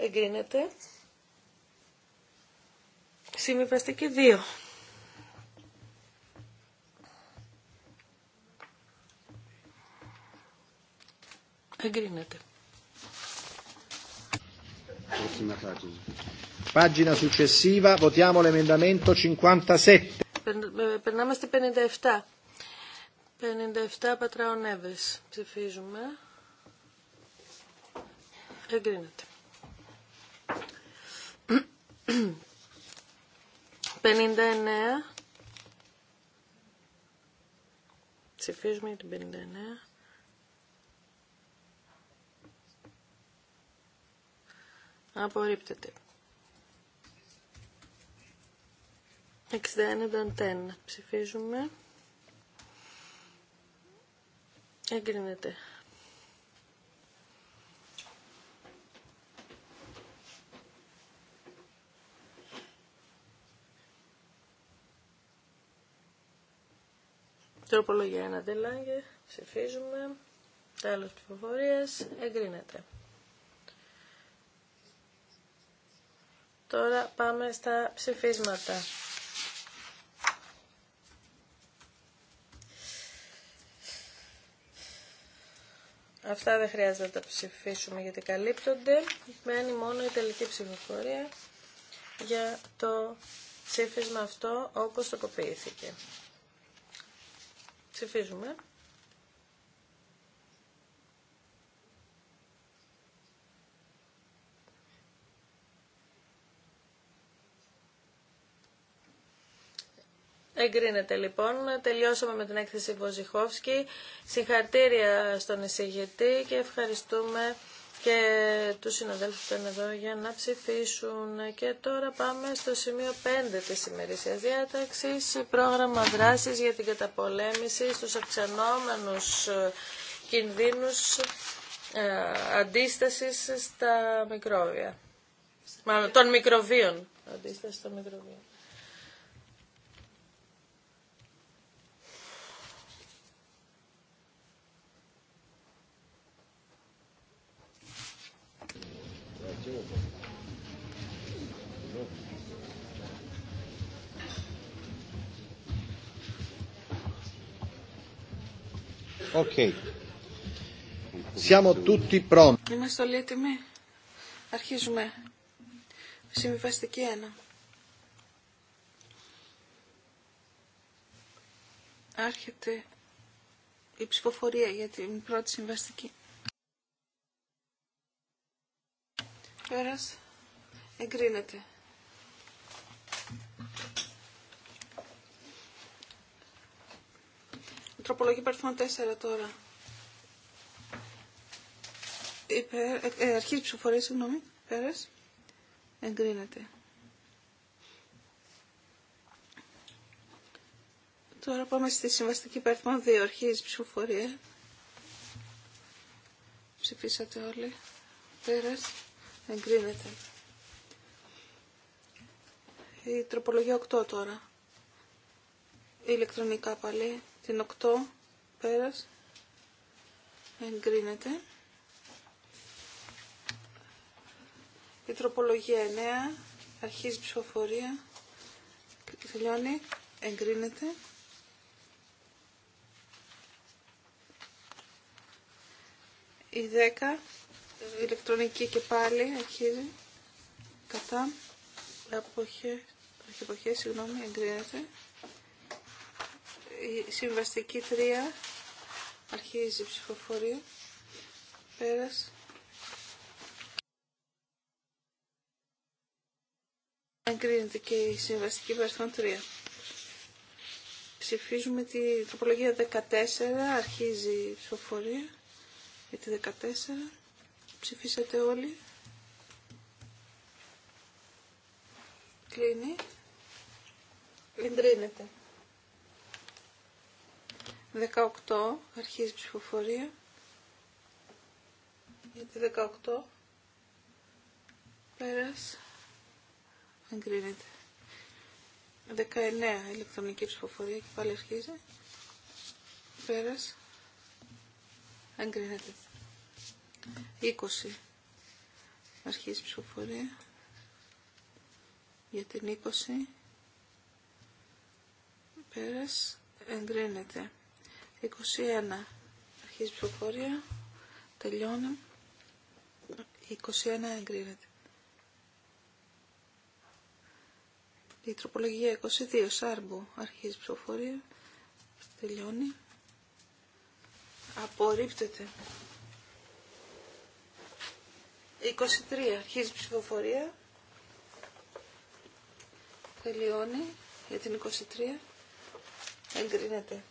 εγκρίνεται. Συμβιβαστική 2. Εγκρίνεται. Pagina successiva, votiamo l'emendamento 57. Ε, περνάμε στη 57. 57 πατραονέβες. Ψηφίζουμε. Εγκρίνεται. 59. Ψηφίζουμε για την 59. Απορρίπτεται. Ψηφίζουμε. Εγκρίνεται. Τροπολογία ένα τελάγγε, Ψηφίζουμε. Τέλος ψηφοφορίας. Εγκρίνεται. Τώρα πάμε στα ψηφίσματα. Αυτά δεν χρειάζεται να τα ψηφίσουμε γιατί καλύπτονται. Μένει μόνο η τελική ψηφοφορία για το ψήφισμα αυτό όπως κοπήθηκε. Ψηφίζουμε. Εγκρίνεται λοιπόν. Τελειώσαμε με την έκθεση Βοζιχόφσκι. Συγχαρτήρια στον εισηγητή και ευχαριστούμε και τους συναδέλφους που ήταν εδώ για να ψηφίσουν. Και τώρα πάμε στο σημείο 5 της ημερήσιας διάταξης, πρόγραμμα δράσης για την καταπολέμηση στους αυξανόμενους ε, κινδύνους ε, αντίστασης στα μικρόβια. Μάλλον μικροβίων. Αντίσταση των μικροβίων. Siamo tutti pronti. Είμαστε όλοι έτοιμοι. Αρχίζουμε. Συμβιβαστική 1. Άρχεται η ψηφοφορία για την πρώτη συμβαστική. Πέρας. Εγκρίνεται. Τροπολογία παριθμών 4 τώρα. Υπέρ, ε, ε αρχής ψηφοφορία, συγγνώμη, πέρας. Εγκρίνεται. Τώρα πάμε στη συμβαστική παριθμών 2, αρχής ψηφοφορία. Ψηφίσατε όλοι. Πέρας. Εγκρίνεται. Η τροπολογία 8 τώρα. Ηλεκτρονικά πάλι. Την 8 πέρας εγκρίνεται. Η τροπολογία 9 αρχίζει ψηφοφορία. Τελειώνει. Εγκρίνεται. Η 10 ηλεκτρονική και πάλι αρχίζει. Κατά. Αποχέ. Αρχιποχέ, συγγνώμη, εγκρίνεται. Η συμβαστική 3 αρχίζει η ψηφοφορία. Πέρας. Εγκρίνεται και η συμβαστική παρελθόν 3. Ψηφίζουμε τη τροπολογία 14, αρχίζει η ψηφοφορία για τη 14. Ψηφίσατε όλοι. Κλείνει. Εγκρίνεται. 18 αρχίζει η ψηφοφορία. Γιατί 18 πέρας εγκρίνεται. 19 ηλεκτρονική ψηφοφορία και πάλι αρχίζει. Πέρας εγκρίνεται. 20 αρχίζει η ψηφοφορία. Για την 20 πέρας εγκρίνεται. 21. Αρχίζει η ψηφοφορία. Τελειώνει. 21 εγκρίνεται. Η τροπολογία 22. Σάρμπο. Αρχίζει η ψηφοφορία. Τελειώνει. Απορρίπτεται. 23. Αρχίζει η ψηφοφορία. Τελειώνει για την 23. Εγκρίνεται.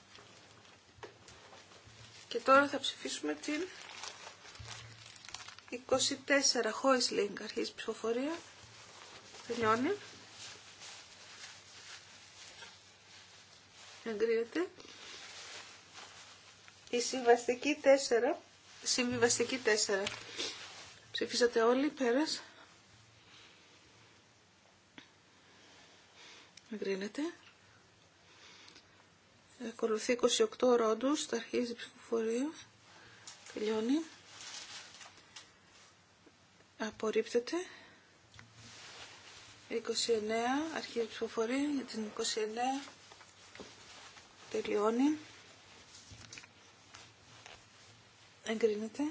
Και τώρα θα ψηφίσουμε την 24 Χόισλινγκ αρχής ψηφοφορία. Τελειώνει. Εγκρίνεται. Η συμβαστική 4. Συμβιβαστική 4. Ψηφίσατε όλοι, πέρας. Εγκρίνεται. Ακολουθεί 28 ρόντου θα αρχίζει η ψηφοφορία. Τελειώνει. Απορρίπτεται. 29, αρχίζει η ψηφοφορία για την 29. Τελειώνει. Εγκρίνεται.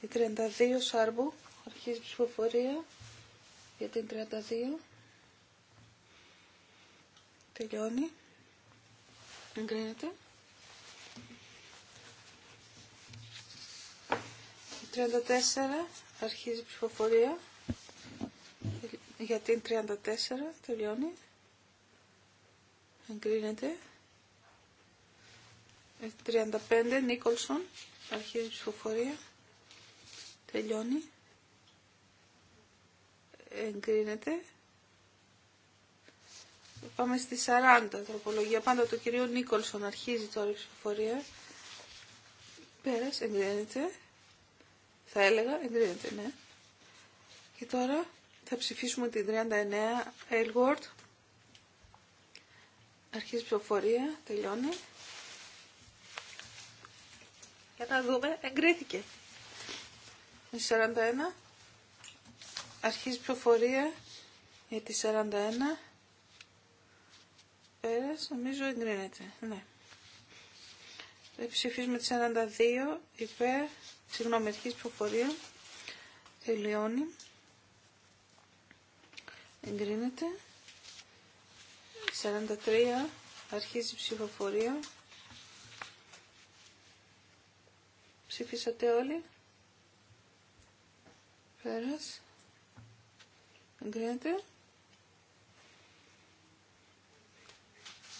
Η 32 Σάρμπου αρχίζει η ψηφοφορία για την 32. Τελειώνει. Εγκρίνεται. 34 αρχίζει η ψηφοφορία. Γιατί η 34 τελειώνει. Εγκρίνεται. 35 ε, Νίκολσον αρχίζει η ψηφοφορία. Τελειώνει. Εγκρίνεται. Πάμε στη 40 τροπολογία. Πάντα το κυρίο Νίκολσον αρχίζει τώρα η ψηφοφορία. Πέρας, εγκρίνεται. Θα έλεγα, εγκρίνεται, ναι. Και τώρα θα ψηφίσουμε την 39 Aylward. Αρχίζει η ψηφοφορία, τελειώνει. Για να δούμε, εγκρίθηκε. Η 41. Αρχίζει η ψηφοφορία για τη 41 πέρας, νομίζω εγκρίνεται. Ναι. Ε, ψηφίζουμε τις 42 υπέρ συγγνώμη, αρχή ψηφοφορία. Τελειώνει. Εγκρίνεται. 43 αρχίζει ψηφοφορία. Ψηφίσατε όλοι. Πέρας. Εγκρίνεται.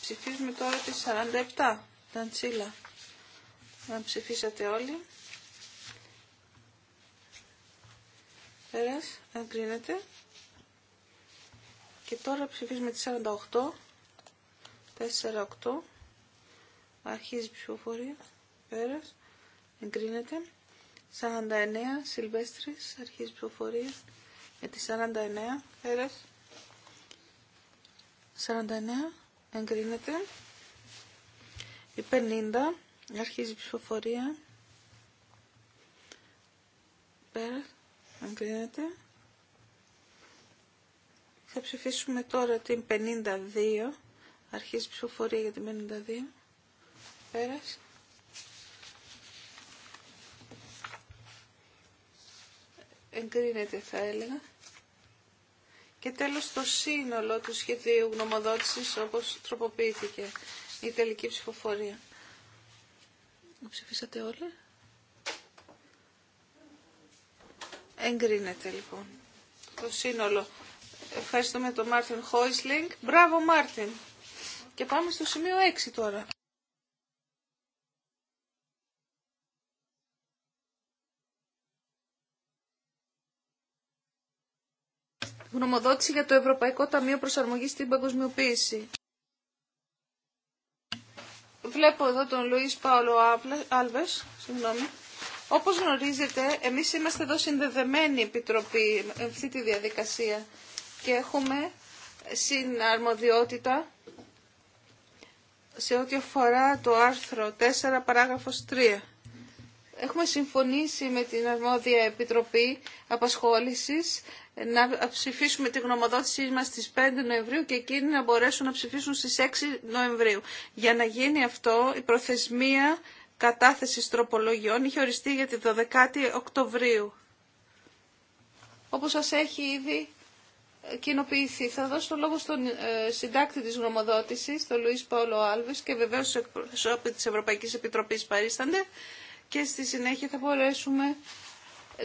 Ψηφίζουμε τώρα τη 47. Ταντσίλα. Να ψηφίσατε όλοι. Πέρας, εγκρίνεται. Και τώρα ψηφίζουμε τη 48. 48. Αρχίζει η ψηφοφορία. Πέρας, εγκρίνεται. 49. Σιλβέστρης. Αρχίζει η ψηφοφορία. Με τη 49. Πέρας. 49 εγκρίνεται. Η 50 αρχίζει η ψηφοφορία. Πέρα, εγκρίνεται. Θα ψηφίσουμε τώρα την 52. Αρχίζει η ψηφοφορία για την 52. Πέρας. Εγκρίνεται θα έλεγα. Και τέλος το σύνολο του σχεδίου γνωμοδότησης όπως τροποποιήθηκε η τελική ψηφοφορία. Ψηφίσατε όλοι. Εγκρίνεται λοιπόν το σύνολο. Ευχαριστούμε τον Μάρτιν Χόισλινγκ. Μπράβο Μάρτιν. Και πάμε στο σημείο 6 τώρα. γνωμοδότηση για το Ευρωπαϊκό Ταμείο Προσαρμογής στην Παγκοσμιοποίηση. Βλέπω εδώ τον Λουίς Πάολο Άλβες, συγγνώμη. Όπως γνωρίζετε, εμείς είμαστε εδώ συνδεδεμένοι επιτροπή αυτή τη διαδικασία και έχουμε συναρμοδιότητα σε ό,τι αφορά το άρθρο 4 παράγραφος 3. Έχουμε συμφωνήσει με την αρμόδια Επιτροπή Απασχόλησης να ψηφίσουμε τη γνωμοδότησή μας στις 5 Νοεμβρίου και εκείνοι να μπορέσουν να ψηφίσουν στις 6 Νοεμβρίου. Για να γίνει αυτό η προθεσμία κατάθεσης τροπολογιών είχε οριστεί για τη 12η Οκτωβρίου. Όπως σας έχει ήδη κοινοποιηθεί. Θα δώσω το λόγο στον ε, συντάκτη της γνωμοδότησης, τον Λουίς Παόλο Άλβες και βεβαίως στους εκπροσώπη της Ευρωπαϊκής Επιτροπής παρίστανται και στη συνέχεια θα μπορέσουμε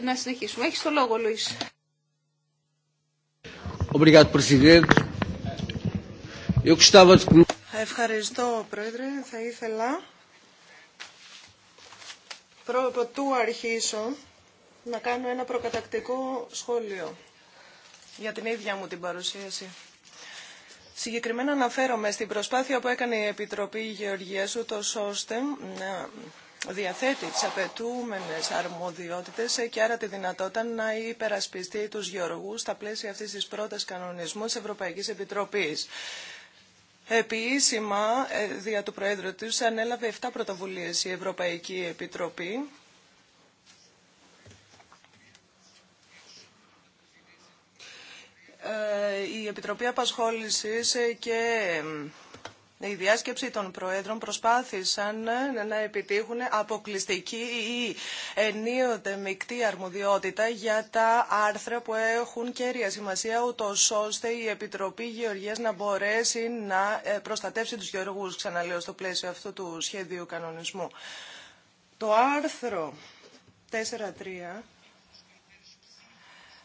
να συνεχίσουμε. Έχει το λόγο, Λουίς. Ευχαριστώ, Πρόεδρε. Θα ήθελα του αρχίσω να κάνω ένα προκατακτικό σχόλιο για την ίδια μου την παρουσίαση. Συγκεκριμένα αναφέρομαι στην προσπάθεια που έκανε η Επιτροπή Γεωργίας, ούτως ώστε να διαθέτει τις απαιτούμενες αρμοδιότητες και άρα τη δυνατότητα να υπερασπιστεί τους γεωργούς στα πλαίσια αυτής της πρώτης κανονισμού της Ευρωπαϊκής Επιτροπής. Επίσημα, ε, δια του Προέδρου της, ανέλαβε 7 πρωτοβουλίες η Ευρωπαϊκή Επιτροπή. Ε, η Επιτροπή Απασχόλησης και ε, η διάσκεψη των Προέδρων προσπάθησαν ε, να επιτύχουν αποκλειστική ή ενίοτε μεικτή αρμοδιότητα για τα άρθρα που έχουν κέρια σημασία, ούτω ώστε η Επιτροπή Γεωργίας να μπορέσει να ε, προστατεύσει τους γεωργούς, ξαναλέω, στο πλαίσιο αυτού του σχέδιου κανονισμού. Το άρθρο 4.3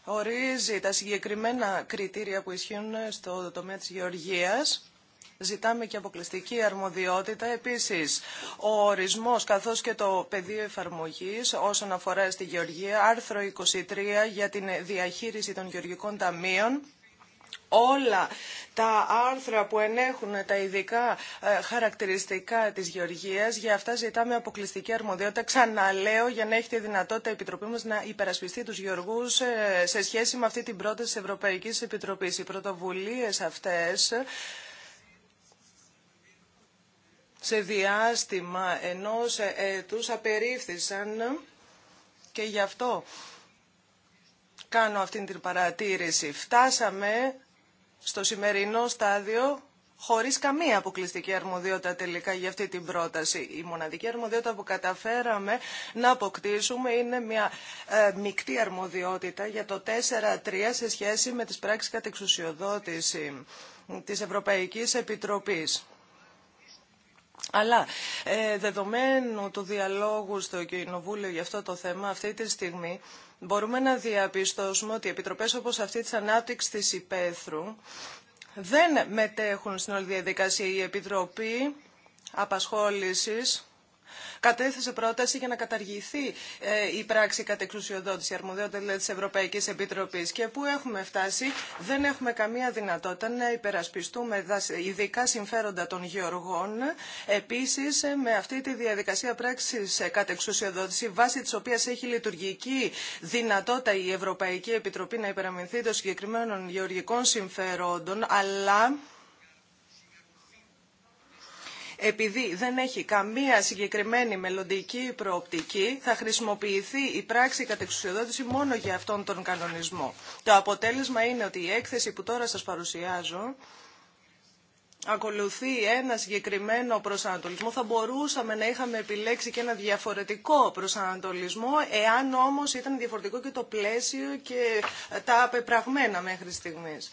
ορίζει τα συγκεκριμένα κριτήρια που ισχύουν στο τομέα της γεωργίας Ζητάμε και αποκλειστική αρμοδιότητα. Επίσης, ο ορισμός καθώς και το πεδίο εφαρμογή όσον αφορά στη Γεωργία, άρθρο 23 για την διαχείριση των γεωργικών ταμείων, όλα τα άρθρα που ενέχουν τα ειδικά ε, χαρακτηριστικά της γεωργίας, για αυτά ζητάμε αποκλειστική αρμοδιότητα. Ξαναλέω για να έχει τη δυνατότητα η Επιτροπή μας να υπερασπιστεί τους γεωργούς ε, σε σχέση με αυτή την πρόταση της Ευρωπαϊκής Επιτροπής. Οι πρωτοβουλίες αυτές σε διάστημα ενός έτους απερίφθησαν και γι' αυτό κάνω αυτήν την παρατήρηση. Φτάσαμε στο σημερινό στάδιο χωρίς καμία αποκλειστική αρμοδιότητα τελικά για αυτή την πρόταση. Η μοναδική αρμοδιότητα που καταφέραμε να αποκτήσουμε είναι μια ε, μεικτή αρμοδιότητα για το 4-3 σε σχέση με τις πράξεις κατεξουσιοδότηση της Ευρωπαϊκής Επιτροπής. Αλλά ε, δεδομένου του διαλόγου στο Κοινοβούλιο για αυτό το θέμα, αυτή τη στιγμή μπορούμε να διαπιστώσουμε ότι οι επιτροπές όπως αυτή της ανάπτυξης της υπαίθρου δεν μετέχουν στην όλη διαδικασία η Επιτροπή Απασχόλησης κατέθεσε πρόταση για να καταργηθεί ε, η πράξη κατεξουσιοδότηση εξουσιοδότηση αρμοδιότητα δηλαδή, της Ευρωπαϊκής Επιτροπής και που έχουμε φτάσει δεν έχουμε καμία δυνατότητα να υπερασπιστούμε ειδικά συμφέροντα των γεωργών. Επίσης ε, με αυτή τη διαδικασία πράξης ε, κατεξουσιοδότηση βάσει της οποίας έχει λειτουργική δυνατότητα η Ευρωπαϊκή Επιτροπή να υπεραμεινθεί των συγκεκριμένων γεωργικών συμφερόντων αλλά επειδή δεν έχει καμία συγκεκριμένη μελλοντική προοπτική, θα χρησιμοποιηθεί η πράξη κατεξουσιοδότηση μόνο για αυτόν τον κανονισμό. Το αποτέλεσμα είναι ότι η έκθεση που τώρα σας παρουσιάζω ακολουθεί ένα συγκεκριμένο προσανατολισμό. Θα μπορούσαμε να είχαμε επιλέξει και ένα διαφορετικό προσανατολισμό, εάν όμως ήταν διαφορετικό και το πλαίσιο και τα απεπραγμένα μέχρι στιγμής.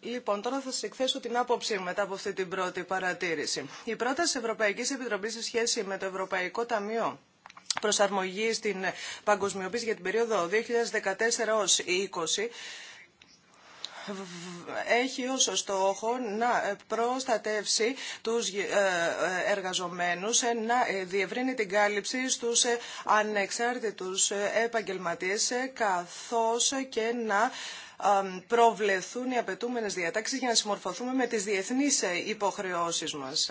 Λοιπόν, τώρα θα σα εκθέσω την άποψή μετά από αυτή την πρώτη παρατήρηση. Η πρόταση Ευρωπαϊκή Επιτροπή σε σχέση με το Ευρωπαϊκό Ταμείο Προσαρμογή στην Παγκοσμιοποίηση για την περίοδο 2014 2014-2020 έχει ως στόχο να προστατεύσει τους ε, εργαζομένους, ε, να ε, διευρύνει την κάλυψη στους ανεξάρτητους επαγγελματίες, καθώς και να προβλεθούν οι απαιτούμενες διατάξεις για να συμμορφωθούμε με τις διεθνείς ε, υποχρεώσεις μας.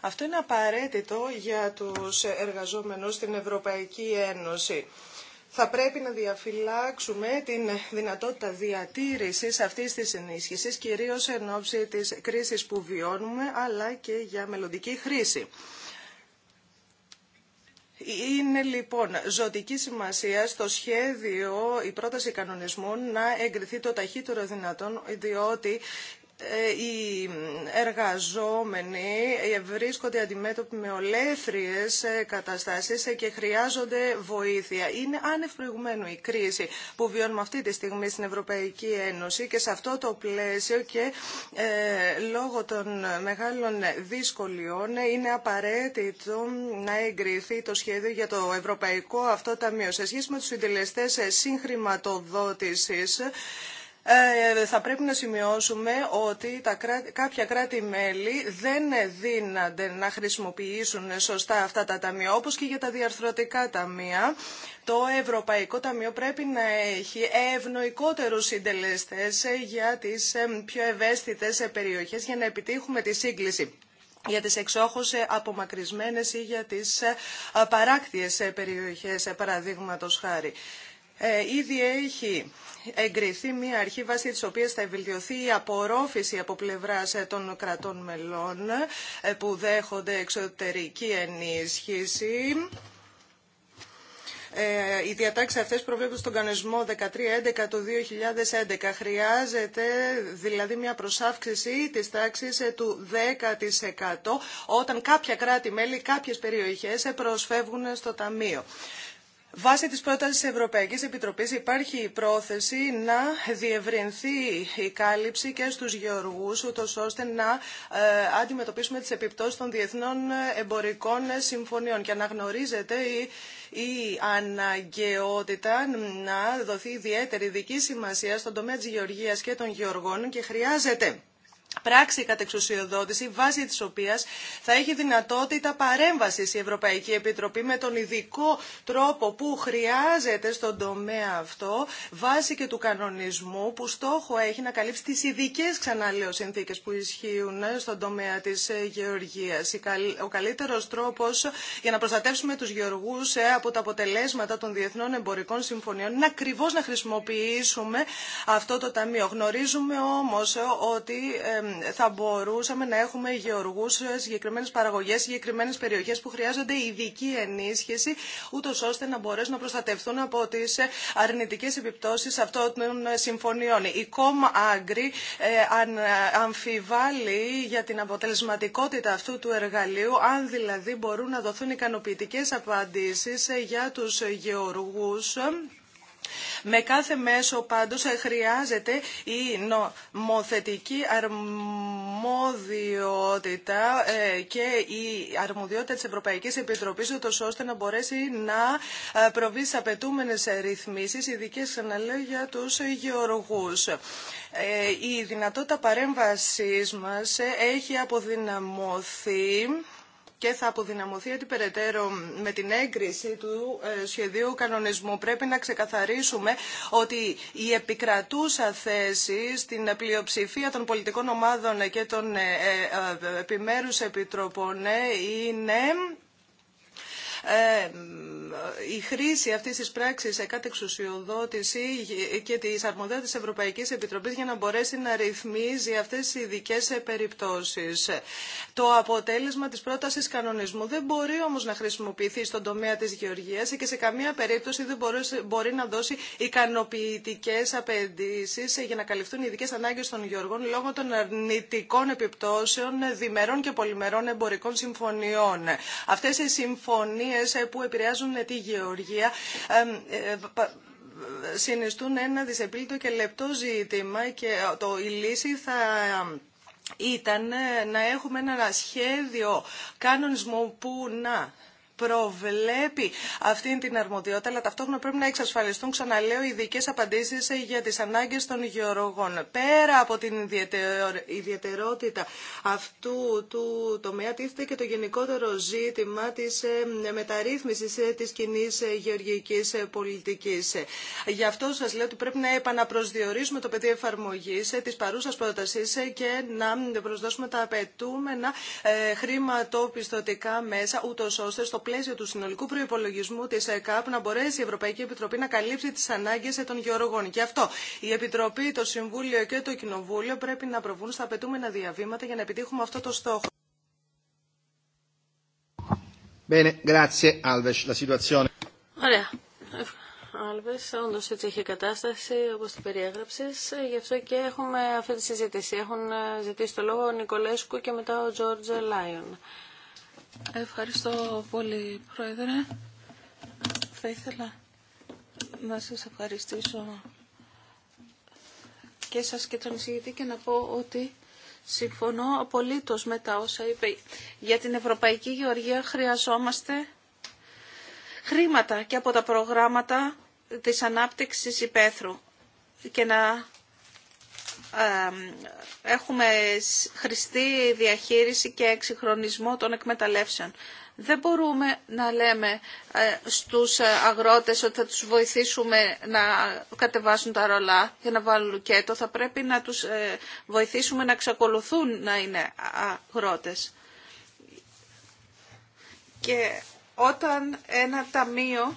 Αυτό είναι απαραίτητο για τους εργαζόμενους στην Ευρωπαϊκή Ένωση. Θα πρέπει να διαφυλάξουμε την δυνατότητα διατήρησης αυτής της ενίσχυσης, κυρίως εν ώψη της κρίσης που βιώνουμε, αλλά και για μελλοντική χρήση. Είναι λοιπόν ζωτική σημασία στο σχέδιο η πρόταση κανονισμού να εγκριθεί το ταχύτερο δυνατόν, διότι ε, οι εργαζόμενοι ε, βρίσκονται αντιμέτωποι με ολέθριες ε, καταστάσεις και χρειάζονται βοήθεια. Είναι άνευ η κρίση που βιώνουμε αυτή τη στιγμή στην Ευρωπαϊκή Ένωση και σε αυτό το πλαίσιο και λόγω των μεγάλων δυσκολιών είναι απαραίτητο να εγκριθεί το σχέδιο για το Ευρωπαϊκό αυτό ταμείο. Σε σχέση με τους συντελεστές συγχρηματοδότησης ε, θα πρέπει να σημειώσουμε ότι τα καποια κάποια κράτη-μέλη δεν δίνανται να χρησιμοποιήσουν σωστά αυτά τα ταμεία, όπως και για τα διαρθρωτικά ταμεία. Το Ευρωπαϊκό Ταμείο πρέπει να έχει ευνοϊκότερους συντελεστές για τις ε, πιο ευαίσθητες περιοχές για να επιτύχουμε τη σύγκληση για τις εξόχως απομακρυσμένες ή για τις ε, παράκτιες περιοχές, παραδείγματος χάρη. Ε, ήδη έχει εγκριθεί μια αρχή βάση της οποίας θα ευελτιωθεί η απορρόφηση από πλευράς ε, των κρατών μελών ε, που δέχονται εξωτερική ενίσχυση. Η οι διατάξει αυτέ προβλέπουν στον κανονισμό 11 του 2011. Χρειάζεται δηλαδή μια προσάυξηση τη τάξη του 10% όταν κάποια κράτη-μέλη, κάποιε περιοχέ προσφεύγουν στο Ταμείο. Βάσει της πρότασης της Ευρωπαϊκής Επιτροπής υπάρχει η πρόθεση να διευρυνθεί η κάλυψη και στους γεωργούς, ούτως ώστε να ε, αντιμετωπίσουμε τις επιπτώσεις των διεθνών εμπορικών συμφωνιών και αναγνωρίζεται η, η αναγκαιότητα να δοθεί ιδιαίτερη δική σημασία στον τομέα της γεωργίας και των γεωργών και χρειάζεται πράξη κατεξουσιοδότηση βάσει της οποίας θα έχει δυνατότητα παρέμβασης η Ευρωπαϊκή Επιτροπή με τον ειδικό τρόπο που χρειάζεται στον τομέα αυτό βάσει και του κανονισμού που στόχο έχει να καλύψει τις ειδικέ ξαναλέω συνθήκες που ισχύουν στον τομέα της γεωργίας. Ο καλύτερος τρόπος για να προστατεύσουμε τους γεωργούς από τα αποτελέσματα των διεθνών εμπορικών συμφωνιών είναι ακριβώς να χρησιμοποιήσουμε αυτό το ταμείο. Γνωρίζουμε όμως ότι ε, θα μπορούσαμε να έχουμε γεωργού σε συγκεκριμένε παραγωγέ, συγκεκριμένε περιοχέ που χρειάζονται ειδική ενίσχυση, ούτω ώστε να μπορέσουν να προστατευτούν από τι ε, αρνητικέ επιπτώσει αυτών των συμφωνιών. Η Κομ Άγκρη ε, ε, αμφιβάλλει για την αποτελεσματικότητα αυτού του εργαλείου, αν δηλαδή μπορούν να δοθούν ικανοποιητικέ απαντήσει για του γεωργού με κάθε μέσο πάντως χρειάζεται η νομοθετική αρμόδιότητα ε, και η αρμοδιότητα της Ευρωπαϊκής Επιτροπής ώστε να μπορέσει να ε, προβεί στις απαιτούμενες ρυθμίσεις ειδικές για τους γεωργούς. Ε, η δυνατότητα παρέμβασής μας έχει αποδυναμωθεί και θα αποδυναμωθεί ότι περαιτέρω με την έγκριση του ε, σχεδίου κανονισμού πρέπει να ξεκαθαρίσουμε ότι η επικρατούσα θέση στην πλειοψηφία των πολιτικών ομάδων και των ε, ε, επιμέρους επιτροπών είναι ε, η χρήση αυτή της πράξης σε κάθε εξουσιοδότηση και τη αρμοδιότητας της Ευρωπαϊκής Επιτροπής για να μπορέσει να ρυθμίζει αυτές τις ειδικέ περιπτώσεις. Το αποτέλεσμα της πρότασης κανονισμού δεν μπορεί όμως να χρησιμοποιηθεί στον τομέα της γεωργίας και σε καμία περίπτωση δεν μπορεί να δώσει ικανοποιητικέ απαιτήσει για να καλυφθούν οι ειδικέ ανάγκε των γεωργών λόγω των αρνητικών επιπτώσεων διμερών και πολυμερών εμπορικών συμφωνιών. Αυτές οι συμφωνίες ε, που επηρεάζουν ε, τη γεωργία ε, συνιστούν ένα δυσεπίλητο και λεπτό ζήτημα και το, η λύση θα ήταν να έχουμε ένα σχέδιο κανονισμού που να προβλέπει αυτή την αρμοδιότητα, αλλά ταυτόχρονα πρέπει να εξασφαλιστούν, ξαναλέω, ειδικέ απαντήσει για τι ανάγκε των γεωργών. Πέρα από την ιδιαιτερότητα αυτού του τομέα, τίθεται και το γενικότερο ζήτημα τη ε, μεταρρύθμιση ε, τη κοινή ε, γεωργική πολιτική. Γι' αυτό σα λέω ότι πρέπει να επαναπροσδιορίσουμε το πεδίο εφαρμογή τη παρούσα πρόταση και να προσδώσουμε τα απαιτούμενα χρηματοπιστωτικά μέσα, ούτω ώστε στο πλαίσιο πλαίσιο του συνολικού προπολογισμού τη ΕΚΑΠ να μπορέσει η Ευρωπαϊκή Επιτροπή να καλύψει τι ανάγκε των γεωργών. Γι' αυτό η Επιτροπή, το Συμβούλιο και το Κοινοβούλιο πρέπει να προβούν στα απαιτούμενα διαβήματα για να επιτύχουμε αυτό το στόχο. Bene, grazie Alves, la situazione. Ωραία. Alves, όντω έτσι έχει κατάσταση όπω την περιέγραψε, Γι' αυτό και έχουμε αυτή τη συζήτηση. Έχουν ζητήσει το λόγο ο Νικολέσκου και μετά ο Τζόρτζ Λάιον. Ευχαριστώ πολύ, Πρόεδρε. Θα ήθελα να σας ευχαριστήσω και σας και τον εισηγητή και να πω ότι συμφωνώ απολύτως με τα όσα είπε. Για την Ευρωπαϊκή Γεωργία χρειαζόμαστε χρήματα και από τα προγράμματα της ανάπτυξης υπαίθρου και να έχουμε χρηστή διαχείριση και εξυγχρονισμό των εκμεταλλεύσεων. Δεν μπορούμε να λέμε ε, στους ε, αγρότες ότι θα τους βοηθήσουμε να κατεβάσουν τα ρολά για να βάλουν λουκέτο. Θα πρέπει να τους ε, βοηθήσουμε να ξεκολουθούν να είναι αγρότες. Και όταν ένα ταμείο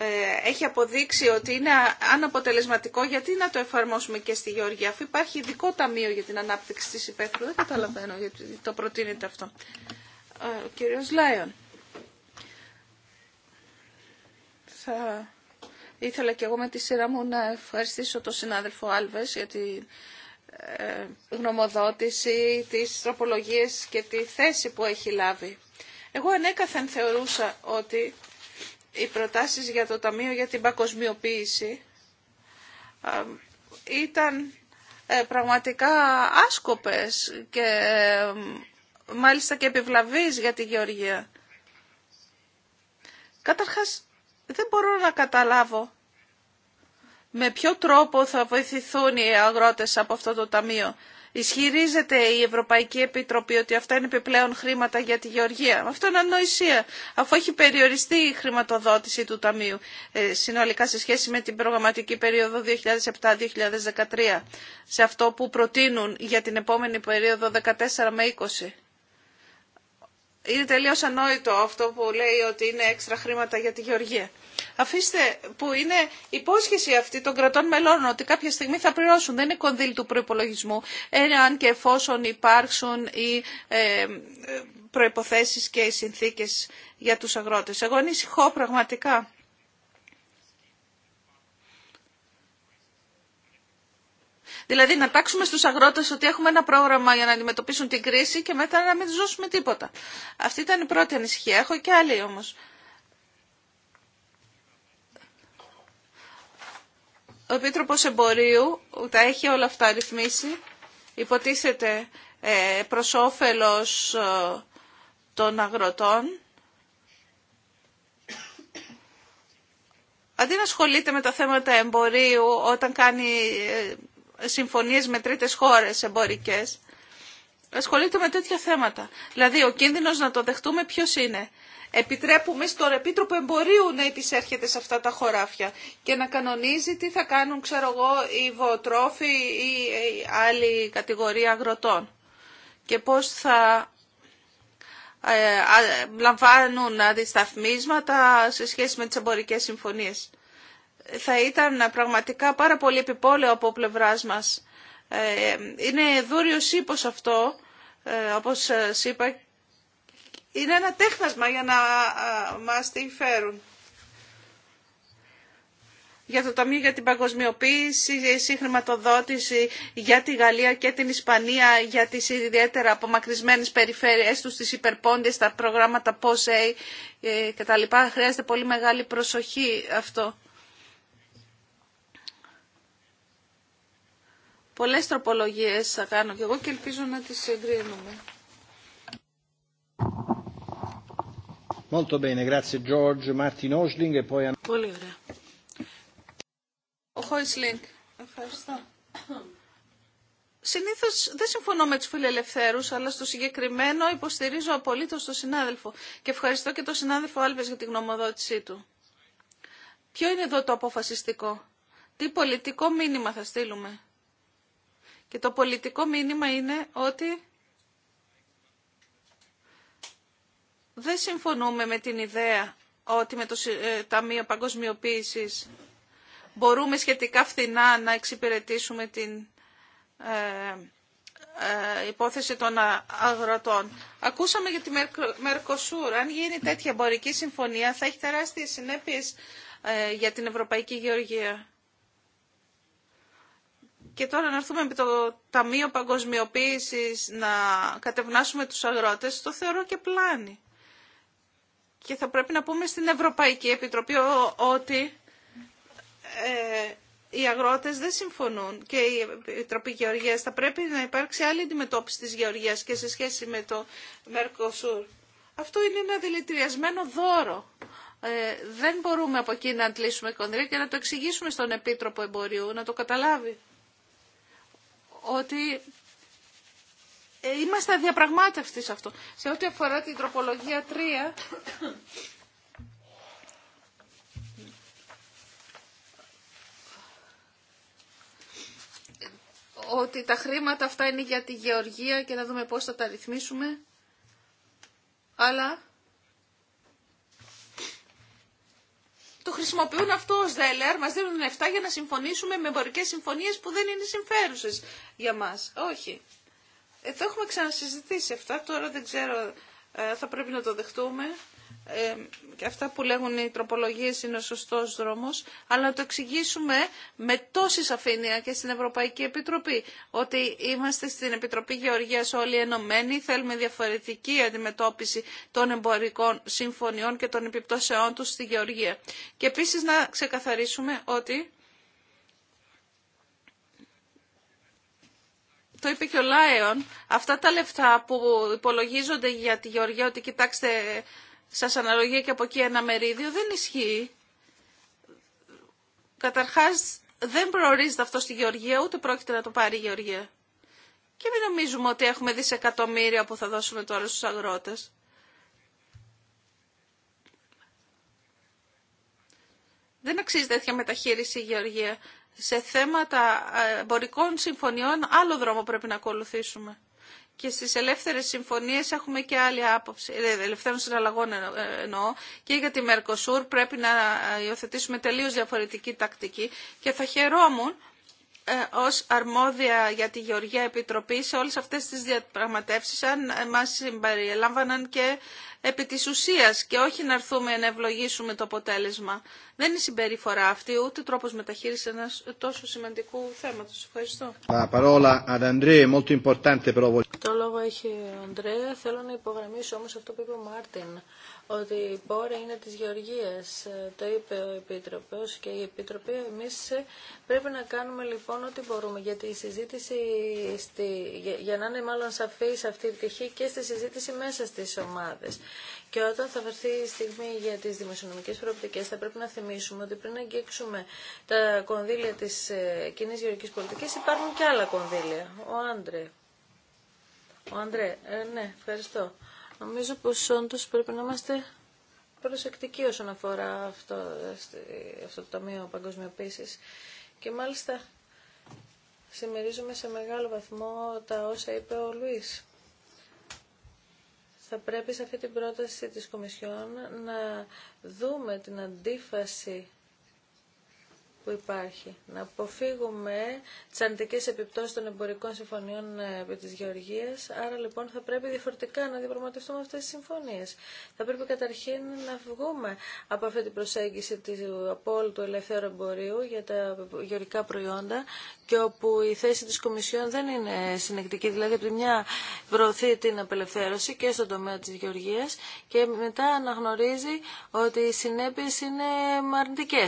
ε, έχει αποδείξει ότι είναι αναποτελεσματικό, γιατί να το εφαρμόσουμε και στη Γεωργία, αφού υπάρχει ειδικό ταμείο για την ανάπτυξη της υπαίθρου. Δεν καταλαβαίνω γιατί το προτείνεται αυτό. Ε, ο κύριος Λάιον. Θα ήθελα και εγώ με τη σειρά μου να ευχαριστήσω τον συνάδελφο Άλβες για τη ε, γνωμοδότηση, τις τροπολογίας και τη θέση που έχει λάβει. Εγώ ανέκαθεν θεωρούσα ότι οι προτάσεις για το Ταμείο για την Πακοσμιοποίηση ε, ήταν ε, πραγματικά άσκοπες και ε, μάλιστα και επιβλαβείς για τη Γεωργία. Καταρχάς, δεν μπορώ να καταλάβω με ποιο τρόπο θα βοηθηθούν οι αγρότες από αυτό το ταμείο. Ισχυρίζεται η Ευρωπαϊκή Επιτροπή ότι αυτά είναι επιπλέον χρήματα για τη Γεωργία. Αυτό είναι ανοησία, αφού έχει περιοριστεί η χρηματοδότηση του Ταμείου ε, συνολικά σε σχέση με την προγραμματική περίοδο 2007-2013, σε αυτό που προτείνουν για την επόμενη περίοδο 14 με 20. Είναι τελείως ανόητο αυτό που λέει ότι είναι έξτρα χρήματα για τη Γεωργία. Αφήστε που είναι υπόσχεση αυτή των κρατών μελών ότι κάποια στιγμή θα πληρώσουν. Δεν είναι κονδύλι του προπολογισμού. Εάν και εφόσον υπάρξουν οι ε, προϋποθέσεις και οι συνθήκες για τους αγρότες. Εγώ ανησυχώ πραγματικά. Δηλαδή να τάξουμε στους αγρότες ότι έχουμε ένα πρόγραμμα για να αντιμετωπίσουν την κρίση και μετά να μην τους τίποτα. Αυτή ήταν η πρώτη ανησυχία. Έχω και άλλη όμως. Ο Επίτροπος Εμπορίου τα έχει όλα αυτά ρυθμίσει. Υποτίθεται ε, προς όφελος ε, των αγροτών. Αντί να ασχολείται με τα θέματα εμπορίου όταν κάνει ε, συμφωνίες με τρίτες χώρες εμπορικές, ασχολείται με τέτοια θέματα. Δηλαδή ο κίνδυνος να το δεχτούμε ποιος είναι επιτρέπουμε στον Επίτροπο Εμπορίου να επισέρχεται σε αυτά τα χωράφια και να κανονίζει τι θα κάνουν, ξέρω εγώ, οι βοοτρόφοι ή άλλη κατηγορία αγροτών και πώς θα ε, λαμβάνουν αντισταθμίσματα σε σχέση με τις εμπορικές συμφωνίες. Θα ήταν πραγματικά πάρα πολύ επιπόλαιο από πλευράς μας. Ε, είναι δούριο ύπος αυτό, ε, όπως σας είπα, είναι ένα τέχνασμα για να μας τη φέρουν. Για το Ταμείο για την Παγκοσμιοποίηση, η συγχρηματοδότηση για τη Γαλλία και την Ισπανία, για τις ιδιαίτερα απομακρυσμένες περιφέρειές τους, τις υπερπόντες, τα προγράμματα ΠΟΣΕΙ κτλ. Χρειάζεται πολύ μεγάλη προσοχή αυτό. Πολλές τροπολογίες θα κάνω και εγώ και ελπίζω να τις εγκρίνουμε. E Πολύ ωραία. Ο Χόισλινγκ. Ευχαριστώ. Συνήθως δεν συμφωνώ με τους φιλελευθέρους, αλλά στο συγκεκριμένο υποστηρίζω απολύτως τον συνάδελφο. Και ευχαριστώ και τον συνάδελφο Άλβες για την γνωμοδότησή του. Ποιο είναι εδώ το αποφασιστικό. Τι πολιτικό μήνυμα θα στείλουμε. Και το πολιτικό μήνυμα είναι ότι Δεν συμφωνούμε με την ιδέα ότι με το ε, Ταμείο Παγκοσμιοποίησης μπορούμε σχετικά φθηνά να εξυπηρετήσουμε την ε, ε, υπόθεση των αγροτών. Ακούσαμε για τη Μερκοσούρ. Αν γίνει τέτοια εμπορική συμφωνία θα έχει τεράστιες συνέπειες για την Ευρωπαϊκή Γεωργία. Και τώρα να έρθουμε με το Ταμείο Παγκοσμιοποίησης να κατευνάσουμε τους αγρότες, το θεωρώ και πλάνη. Και θα πρέπει να πούμε στην Ευρωπαϊκή Επιτροπή ότι ε, οι αγρότες δεν συμφωνούν και η Επιτροπή Γεωργίας. Θα πρέπει να υπάρξει άλλη αντιμετώπιση της Γεωργίας και σε σχέση με το Μερκοσούρ. Αυτό είναι ένα δηλητηριασμένο δώρο. Ε, δεν μπορούμε από εκεί να αντλήσουμε κονδύλια και να το εξηγήσουμε στον Επίτροπο Εμπορίου, να το καταλάβει ότι ε, είμαστε αδιαπραγμάτευτοι σε αυτό. Σε ό,τι αφορά την τροπολογία 3, ότι τα χρήματα αυτά είναι για τη γεωργία και να δούμε πώς θα τα ρυθμίσουμε. Αλλά το χρησιμοποιούν αυτό ως δελεάρ μας δίνουν 7 για να συμφωνήσουμε με εμπορικές συμφωνίες που δεν είναι συμφέρουσες για μας. Όχι. Ε, το έχουμε ξανασυζητήσει αυτά, τώρα δεν ξέρω, ε, θα πρέπει να το δεχτούμε. Ε, και αυτά που λέγουν οι τροπολογίες είναι ο σωστός δρόμος, αλλά να το εξηγήσουμε με τόση σαφήνεια και στην Ευρωπαϊκή Επιτροπή, ότι είμαστε στην Επιτροπή Γεωργίας όλοι ενωμένοι, θέλουμε διαφορετική αντιμετώπιση των εμπορικών συμφωνιών και των επιπτώσεών τους στη Γεωργία. Και επίσης να ξεκαθαρίσουμε ότι το είπε και ο Λάιον, αυτά τα λεφτά που υπολογίζονται για τη Γεωργία, ότι κοιτάξτε, σας αναλογεί και από εκεί ένα μερίδιο, δεν ισχύει. Καταρχάς, δεν προορίζεται αυτό στη Γεωργία, ούτε πρόκειται να το πάρει η Γεωργία. Και μην νομίζουμε ότι έχουμε δισεκατομμύρια που θα δώσουμε τώρα στους αγρότες. Δεν αξίζει τέτοια μεταχείριση η Γεωργία σε θέματα ε, εμπορικών συμφωνιών άλλο δρόμο πρέπει να ακολουθήσουμε. Και στις ελεύθερες συμφωνίες έχουμε και άλλη άποψη, ε, ελευθέρων συναλλαγών ε, εννοώ, και για τη Μερκοσούρ πρέπει να υιοθετήσουμε τελείως διαφορετική τακτική και θα χαιρόμουν ως αρμόδια για τη Γεωργία Επιτροπή σε όλες αυτές τις διαπραγματεύσεις αν μας συμπεριελάμβαναν και επί της ουσίας και όχι να έρθουμε να ευλογήσουμε το αποτέλεσμα δεν είναι συμπεριφορά αυτή ούτε τρόπος μεταχείρισης ενό τόσο σημαντικού θέματος. Ευχαριστώ. Το λόγο έχει ο Αντρέα. Θέλω να υπογραμμίσω όμως αυτό που είπε ο Μάρτιν, ότι η πόρα είναι της γεωργίας. Το είπε ο Επίτροπος και η Επίτροπη. Εμείς πρέπει να κάνουμε λοιπόν ό,τι μπορούμε, γιατί η συζήτηση, στη... για να είναι μάλλον σαφή σε αυτή η πτυχή και στη συζήτηση μέσα στις ομάδες. Και όταν θα βρεθεί η στιγμή για τις δημοσιονομικές προοπτικές θα πρέπει να θυμίσουμε ότι πριν αγγίξουμε τα κονδύλια της ε, κοινή γεωργικής πολιτικής υπάρχουν και άλλα κονδύλια. Ο Άντρε. Ο Άντρε, ε, ναι, ευχαριστώ. Νομίζω πως όντω πρέπει να είμαστε προσεκτικοί όσον αφορά αυτό, αυτό το Ταμείο παγκοσμιοποίηση. Και μάλιστα συμμερίζουμε σε μεγάλο βαθμό τα όσα είπε ο Λουίς θα πρέπει σε αυτή την πρόταση της Κομισιόν να δούμε την αντίφαση που υπάρχει. Να αποφύγουμε τι αρνητικέ επιπτώσει των εμπορικών συμφωνιών ε, επί τη Γεωργία. Άρα λοιπόν θα πρέπει διαφορετικά να διαπραγματευτούμε αυτέ τι συμφωνίε. Θα πρέπει καταρχήν να βγούμε από αυτή την προσέγγιση του απόλυτου ελευθέρου εμπορίου για τα γεωργικά προϊόντα και όπου η θέση τη Κομισιόν δεν είναι συνεκτική. Δηλαδή, από τη μια προωθεί την απελευθέρωση και στον τομέα τη Γεωργία και μετά αναγνωρίζει ότι οι συνέπειε είναι αρνητικέ.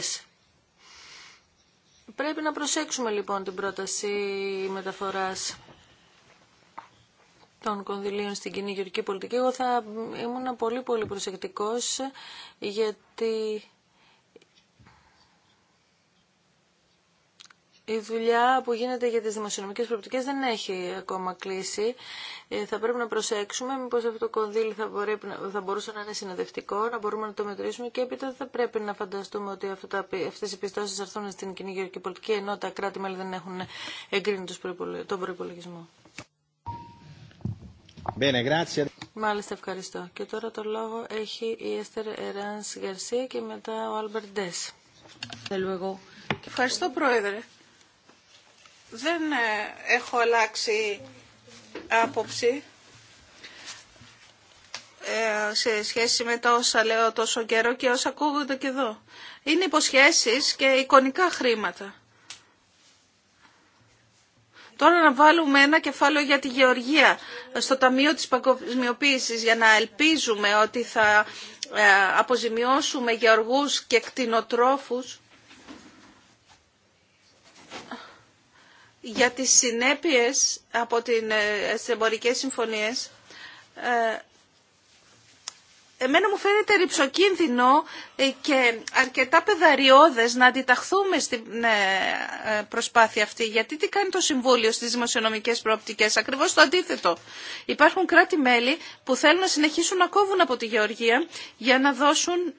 Πρέπει να προσέξουμε λοιπόν την πρόταση μεταφοράς των κονδυλίων στην κοινή γεωργική πολιτική. Εγώ θα ήμουν πολύ πολύ προσεκτικός γιατί η δουλειά που γίνεται για τις δημοσιονομικές προοπτικές δεν έχει ακόμα κλείσει. Ε, θα πρέπει να προσέξουμε μήπως αυτό το κονδύλι θα, μπορεί, θα μπορούσε να είναι συνοδευτικό, να μπορούμε να το μετρήσουμε και έπειτα θα πρέπει να φανταστούμε ότι αυτά αυτές οι πιστώσεις έρθουν στην κοινή γεωργική πολιτική ενώ τα κράτη-μέλη δεν έχουν εγκρίνει τον προπολογισμό. Μάλιστα, ευχαριστώ. Και τώρα το λόγο έχει η Έστερ Εράνς Γαρσία και μετά ο Άλμπερτ Ντες. Ευχαριστώ, Πρόεδρε δεν ε, έχω αλλάξει άποψη ε, σε σχέση με τα όσα λέω τόσο καιρό και όσα ακούγονται και εδώ. Είναι υποσχέσεις και εικονικά χρήματα. Τώρα να βάλουμε ένα κεφάλαιο για τη γεωργία στο Ταμείο της Παγκοσμιοποίησης για να ελπίζουμε ότι θα ε, αποζημιώσουμε γεωργούς και κτηνοτρόφους για τις συνέπειες από την, ε, τις εμπορικές συμφωνίες ε, εμένα μου φαίνεται ρηψοκίνδυνο ε, και αρκετά πεδαριώδες να αντιταχθούμε στην προσπάθεια αυτή. Γιατί τι κάνει το Συμβούλιο στις δημοσιονομικές προοπτικές, ακριβώς το αντίθετο. Υπάρχουν κράτη-μέλη που θέλουν να συνεχίσουν να κόβουν από τη Γεωργία για να δώσουν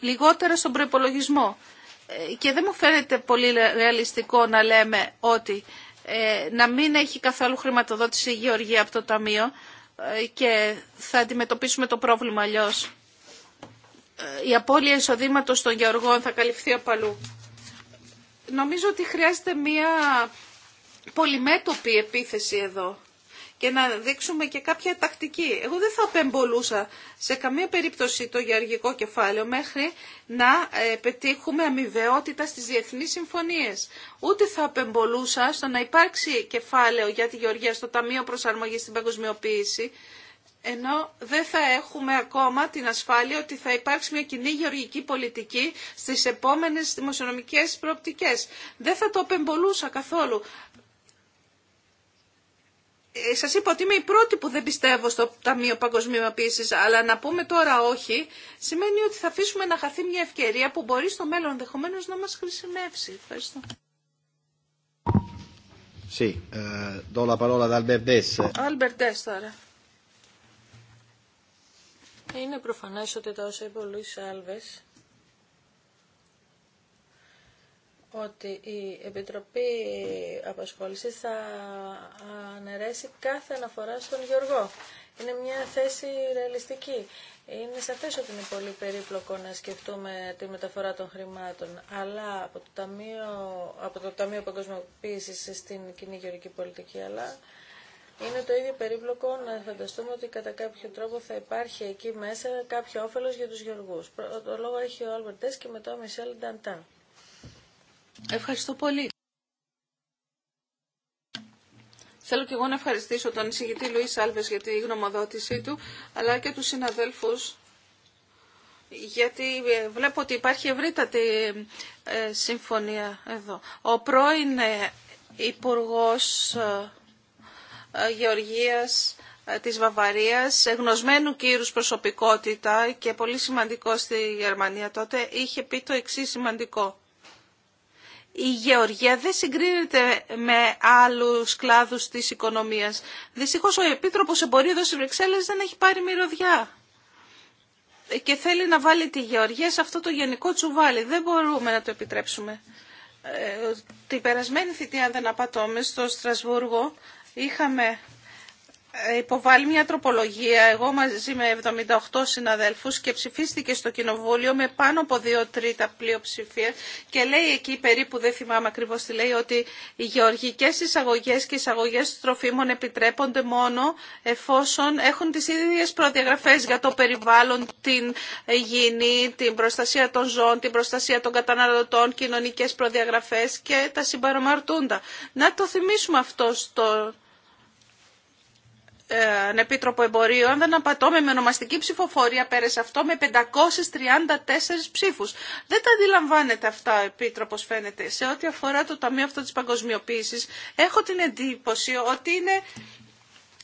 λιγότερα στον προπολογισμό και δεν μου φαίνεται πολύ ρεαλιστικό να λέμε ότι ε, να μην έχει καθόλου χρηματοδότηση η Γεωργία από το Ταμείο ε, και θα αντιμετωπίσουμε το πρόβλημα αλλιώ. Ε, η απώλεια εισοδήματο των Γεωργών θα καλυφθεί από αλλού. Νομίζω ότι χρειάζεται μία πολυμέτωπη επίθεση εδώ και να δείξουμε και κάποια τακτική. Εγώ δεν θα απεμπολούσα σε καμία περίπτωση το γεωργικό κεφάλαιο μέχρι να ε, πετύχουμε αμοιβαιότητα στις διεθνείς συμφωνίες. Ούτε θα απεμπολούσα στο να υπάρξει κεφάλαιο για τη γεωργία στο Ταμείο Προσαρμογής στην Παγκοσμιοποίηση ενώ δεν θα έχουμε ακόμα την ασφάλεια ότι θα υπάρξει μια κοινή γεωργική πολιτική στις επόμενες δημοσιονομικές προοπτικές. Δεν θα το απεμπολούσα καθόλου σας είπα ότι είμαι η πρώτη που δεν πιστεύω στο Ταμείο Παγκοσμιοποίησης, αλλά να πούμε τώρα όχι, σημαίνει ότι θα αφήσουμε να χαθεί μια ευκαιρία που μπορεί στο μέλλον ενδεχομένω να μας χρησιμεύσει. Ευχαριστώ. Sì, eh, do la parola ad Είναι προφανές ότι τα όσα είπε ο Λουίς Άλβες ότι η Επιτροπή Απασχόλησης θα αναιρέσει κάθε αναφορά στον Γιώργο. Είναι μια θέση ρεαλιστική. Είναι σαφές ότι είναι πολύ περίπλοκο να σκεφτούμε τη μεταφορά των χρημάτων, αλλά από το Ταμείο, από το Ταμείο Παγκοσμιοποίησης στην κοινή γεωργική πολιτική, αλλά είναι το ίδιο περίπλοκο να φανταστούμε ότι κατά κάποιο τρόπο θα υπάρχει εκεί μέσα κάποιο όφελος για τους γεωργούς. Το λόγο έχει ο Άλμπερτ και μετά ο Μισελ Νταντάν. Ευχαριστώ πολύ. Θέλω και εγώ να ευχαριστήσω τον εισηγητή Λουίς Άλβες για τη γνωμοδότησή του, αλλά και τους συναδέλφους, γιατί ε, βλέπω ότι υπάρχει ευρύτατη ε, συμφωνία εδώ. Ο πρώην ε, Υπουργός Γεωργίας της Βαβαρίας, γνωσμένου κύρους προσωπικότητα και πολύ σημαντικό στη Γερμανία τότε, είχε πει το εξή σημαντικό η γεωργία δεν συγκρίνεται με άλλους κλάδους της οικονομίας. Δυστυχώς ο Επίτροπος Εμπορίου εδώ στις Βρυξέλλες δεν έχει πάρει μυρωδιά και θέλει να βάλει τη γεωργία σε αυτό το γενικό τσουβάλι. Δεν μπορούμε να το επιτρέψουμε. Ε, την περασμένη θητεία, αν δεν απατώμε, στο Στρασβούργο είχαμε υποβάλει μια τροπολογία εγώ μαζί με 78 συναδέλφους και ψηφίστηκε στο Κοινοβούλιο με πάνω από δύο τρίτα πλειοψηφία και λέει εκεί περίπου, δεν θυμάμαι ακριβώς τι λέει, ότι οι γεωργικές εισαγωγές και εισαγωγές τροφίμων επιτρέπονται μόνο εφόσον έχουν τις ίδιες προδιαγραφές για το περιβάλλον, την υγιεινή, την προστασία των ζώων, την προστασία των καταναλωτών, κοινωνικές προδιαγραφές και τα συμπαρομαρτούντα. Να το θυμίσουμε αυτό στο ε, Επίτροπο Εμπορίου, αν δεν απατώ με ονομαστική ψηφοφορία πέρασε αυτό με 534 ψήφους. Δεν τα αντιλαμβάνεται αυτά Επίτροπος φαίνεται. Σε ό,τι αφορά το Ταμείο αυτό της παγκοσμιοποίησης έχω την εντύπωση ότι είναι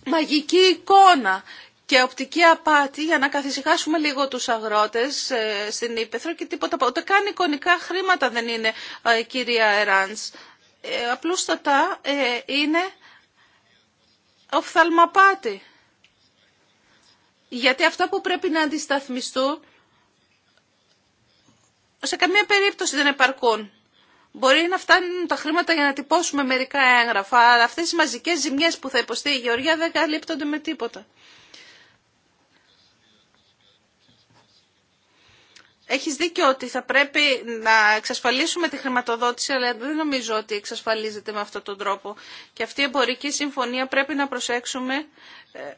μαγική εικόνα και οπτική απάτη για να καθησυχάσουμε λίγο τους αγρότες ε, στην Ήπεθρο και τίποτα. Ούτε καν εικονικά χρήματα δεν είναι, ε, κυρία Εράνς. Ε, απλούστατα είναι οφθαλμαπάτη. Γιατί αυτό που πρέπει να αντισταθμιστούν σε καμία περίπτωση δεν επαρκούν. Μπορεί να φτάνουν τα χρήματα για να τυπώσουμε μερικά έγγραφα, αλλά αυτές οι μαζικές ζημιές που θα υποστεί η Γεωργία δεν καλύπτονται με τίποτα. Έχεις δίκιο ότι θα πρέπει να εξασφαλίσουμε τη χρηματοδότηση, αλλά δεν νομίζω ότι εξασφαλίζεται με αυτόν τον τρόπο. Και αυτή η εμπορική συμφωνία πρέπει να προσέξουμε ε, ε,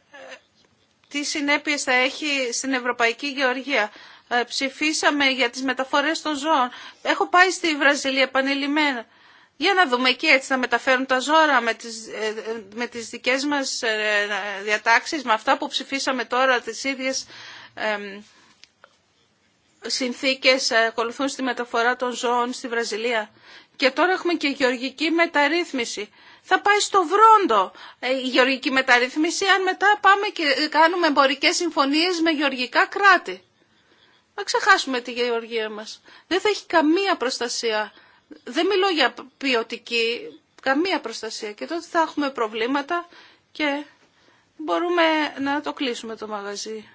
τι συνέπειες θα έχει στην Ευρωπαϊκή Γεωργία. Ε, ψηφίσαμε για τις μεταφορές των ζώων. Έχω πάει στη Βραζιλία επανειλημμένα. Για να δούμε εκεί έτσι θα μεταφέρουν τα ζώα με τις, με τις δικές μας διατάξεις, με αυτά που ψηφίσαμε τώρα, τις ίδιες συνθήκες ακολουθούν στη μεταφορά των ζώων στη Βραζιλία. Και τώρα έχουμε και γεωργική μεταρρύθμιση. Θα πάει στο βρόντο ε, η γεωργική μεταρρύθμιση αν μετά πάμε και κάνουμε εμπορικέ συμφωνίες με γεωργικά κράτη. Να ξεχάσουμε τη γεωργία μας. Δεν θα έχει καμία προστασία. Δεν μιλώ για ποιοτική, καμία προστασία. Και τότε θα έχουμε προβλήματα και μπορούμε να το κλείσουμε το μαγαζί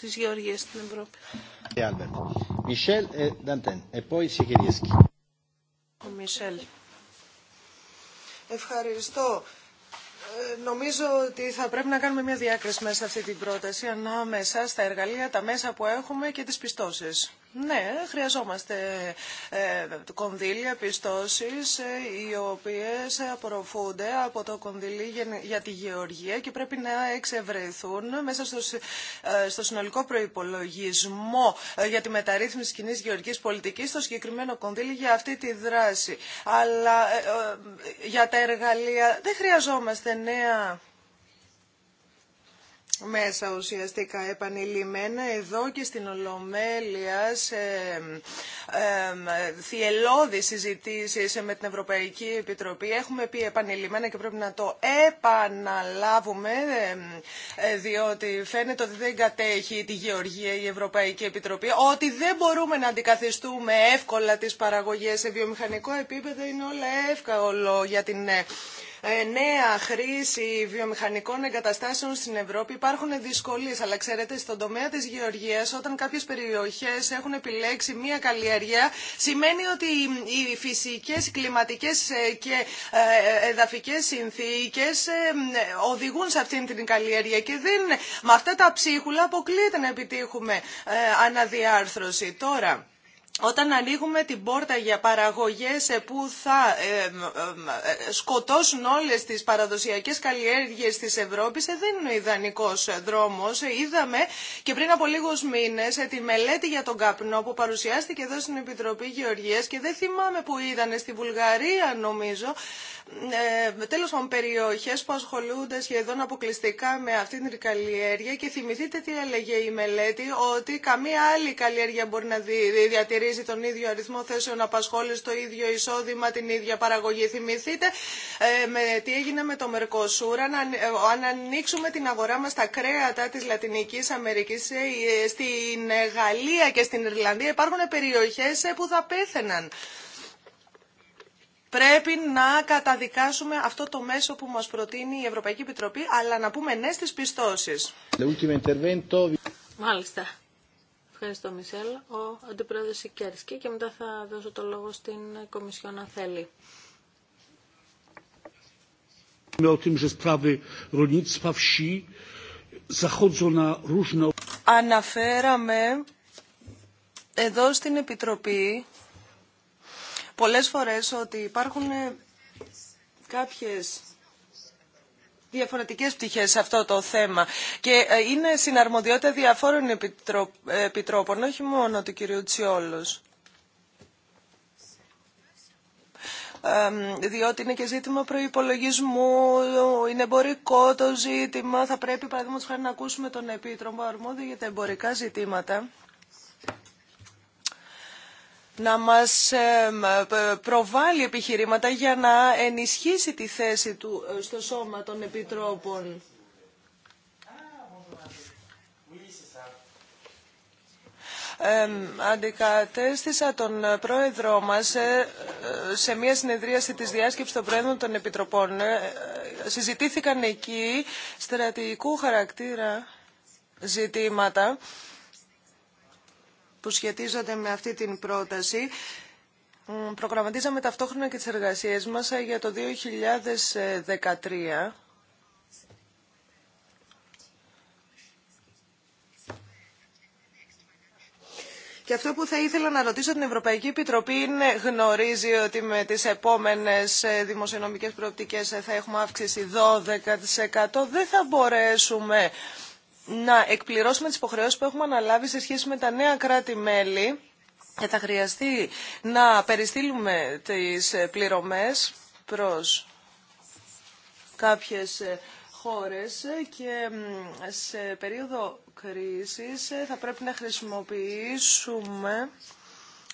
της Γεωργίας στην Ευρώπη. Ε, ε, ε, Ευχαριστώ. Νομίζω ότι θα πρέπει να κάνουμε μια διάκριση μέσα σε αυτή την πρόταση ανάμεσα στα εργαλεία, τα μέσα που έχουμε και τις πιστώσεις. Ναι, χρειαζόμαστε ε, κονδύλια, πιστώσεις, ε, οι οποίες απορροφούνται από το κονδύλι για, τη γεωργία και πρέπει να εξευρεθούν μέσα στο, ε, στο συνολικό προϋπολογισμό ε, για τη μεταρρύθμιση κοινή γεωργικής πολιτικής στο συγκεκριμένο κονδύλι για αυτή τη δράση. Αλλά ε, για τα εργαλεία δεν χρειαζόμαστε νέα μέσα ουσιαστικά επανειλημμένα εδώ και στην Ολομέλεια σε θυελώδη συζητήσει με την Ευρωπαϊκή Επιτροπή. Έχουμε πει επανειλημμένα και πρέπει να το επαναλάβουμε ε, διότι φαίνεται ότι δεν κατέχει τη γεωργία η Ευρωπαϊκή Επιτροπή ότι δεν μπορούμε να αντικαθιστούμε εύκολα τις παραγωγές σε βιομηχανικό επίπεδο είναι όλα εύκολο για την ε, ε, νέα χρήση βιομηχανικών εγκαταστάσεων στην Ευρώπη υπάρχουν δυσκολίε. Αλλά ξέρετε, στον τομέα τη γεωργία, όταν κάποιε περιοχέ έχουν επιλέξει μία καλλιέργεια, σημαίνει ότι οι φυσικέ, κλιματικέ ε, και ε, εδαφικέ συνθήκε οδηγούν σε αυτήν την καλλιέργεια και δεν, με αυτά τα ψίχουλα αποκλείεται να επιτύχουμε αναδιάρθρωση. Τώρα, όταν ανοίγουμε την πόρτα για παραγωγές ε, που θα ε, ε, σκοτώσουν όλες τις παραδοσιακές καλλιέργειες της Ευρώπης δεν είναι ο ιδανικός δρόμος. Είδαμε και πριν από λίγους μήνες τη μελέτη για τον καπνό που παρουσιάστηκε εδώ στην Επιτροπή Γεωργίας και δεν θυμάμαι που είδανε στη Βουλγαρία νομίζω ε, τέλος πάντων περιοχές που ασχολούνται σχεδόν αποκλειστικά με αυτήν την καλλιέργεια και θυμηθείτε τι έλεγε η μελέτη ότι καμία άλλη καλλιέργεια μπορεί να διατηρήσει τον ίδιο αριθμό θέσεων απασχόληση, το ίδιο εισόδημα, την ίδια παραγωγή. Θυμηθείτε ε, με, τι έγινε με το Μερκοσούρα, αν, αν ανοίξουμε την αγορά μα στα κρέατα της Λατινικής Αμερικής, ε, ε, στην Γαλλία και στην Ιρλανδία υπάρχουν περιοχές που θα πέθαιναν. Πρέπει να καταδικάσουμε αυτό το μέσο που μας προτείνει η Ευρωπαϊκή Επιτροπή, αλλά να πούμε ναι στις πιστώσεις. Μάλιστα. Ευχαριστώ, Μισελ. Ο Αντιπρόεδρος Σικέρσκι και μετά θα δώσω το λόγο στην Κομισιόν αν θέλει. Αναφέραμε εδώ στην Επιτροπή πολλές φορές ότι υπάρχουν ε, κάποιες διαφορετικές πτυχές σε αυτό το θέμα και ε, είναι συναρμοδιότητα διαφόρων επιτρόπων, όχι μόνο του κυρίου Τσιόλος. διότι είναι και ζήτημα προϋπολογισμού, είναι εμπορικό το ζήτημα, θα πρέπει παραδείγματος χάρη να ακούσουμε τον Επίτροπο αρμόδιο για τα εμπορικά ζητήματα να μας προβάλλει επιχειρήματα για να ενισχύσει τη θέση του ε, στο σώμα των επιτρόπων. Ε, αντικατέστησα τον πρόεδρό μας ε, ε, σε μια συνεδρίαση της διάσκεψης των πρόεδρων των επιτροπών. Συζητήθηκαν εκεί στρατηγικού χαρακτήρα ζητήματα που σχετίζονται με αυτή την πρόταση. Προγραμματίζαμε ταυτόχρονα και τις εργασίες μας ε, για το 2013. Και αυτό που θα ήθελα να ρωτήσω την Ευρωπαϊκή Επιτροπή είναι γνωρίζει ότι με τις επόμενες ε, δημοσιονομικές προοπτικές ε, θα έχουμε αύξηση 12%. Δεν θα μπορέσουμε να εκπληρώσουμε τις υποχρεώσεις που έχουμε αναλάβει σε σχέση με τα νέα κράτη-μέλη και θα χρειαστεί να περιστύλουμε τις ε, πληρωμές προς κάποιες ε, χώρες ε, και σε περίοδο κρίσης θα πρέπει να χρησιμοποιήσουμε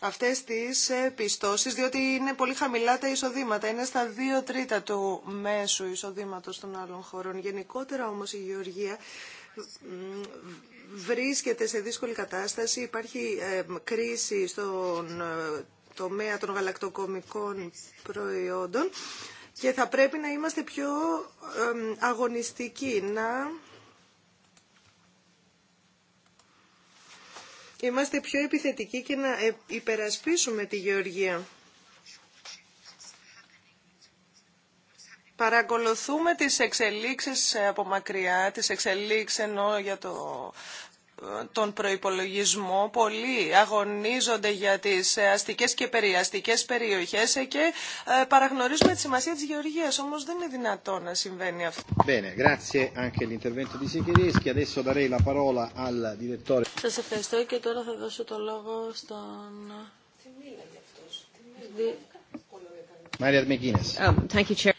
αυτές τις πιστώσεις, διότι είναι πολύ χαμηλά τα εισοδήματα. Είναι στα δύο τρίτα του μέσου εισοδήματος των άλλων χωρών. Γενικότερα όμως η Γεωργία βρίσκεται σε δύσκολη κατάσταση. Υπάρχει ε, κρίση στον ε, τομέα των γαλακτοκομικών προϊόντων και θα πρέπει να είμαστε πιο αγωνιστικοί, να είμαστε πιο επιθετικοί και να ε, υπερασπίσουμε τη γεωργία. Παρακολουθούμε τις εξελίξεις από μακριά, τις εξελίξεις ενώ για το τον προϋπολογισμό. Πολλοί αγωνίζονται για τις αστικές και περιαστικές περιοχές και ε, παραγνωρίζουμε τη σημασία της γεωργίας. Όμως δεν είναι δυνατό να συμβαίνει αυτό. Bene, grazie anche di Adesso darei la parola al direttore. Σας ευχαριστώ και τώρα θα δώσω το λόγο στον... Μάρια Αρμεκίνες. Um, thank you,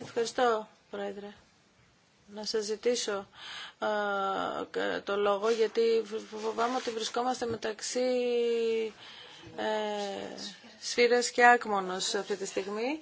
Ευχαριστώ, Πρόεδρε. Να σας ζητήσω το λόγο, γιατί φοβάμαι ότι βρισκόμαστε μεταξύ ε, σφύρας και άκμονος αυτή τη στιγμή.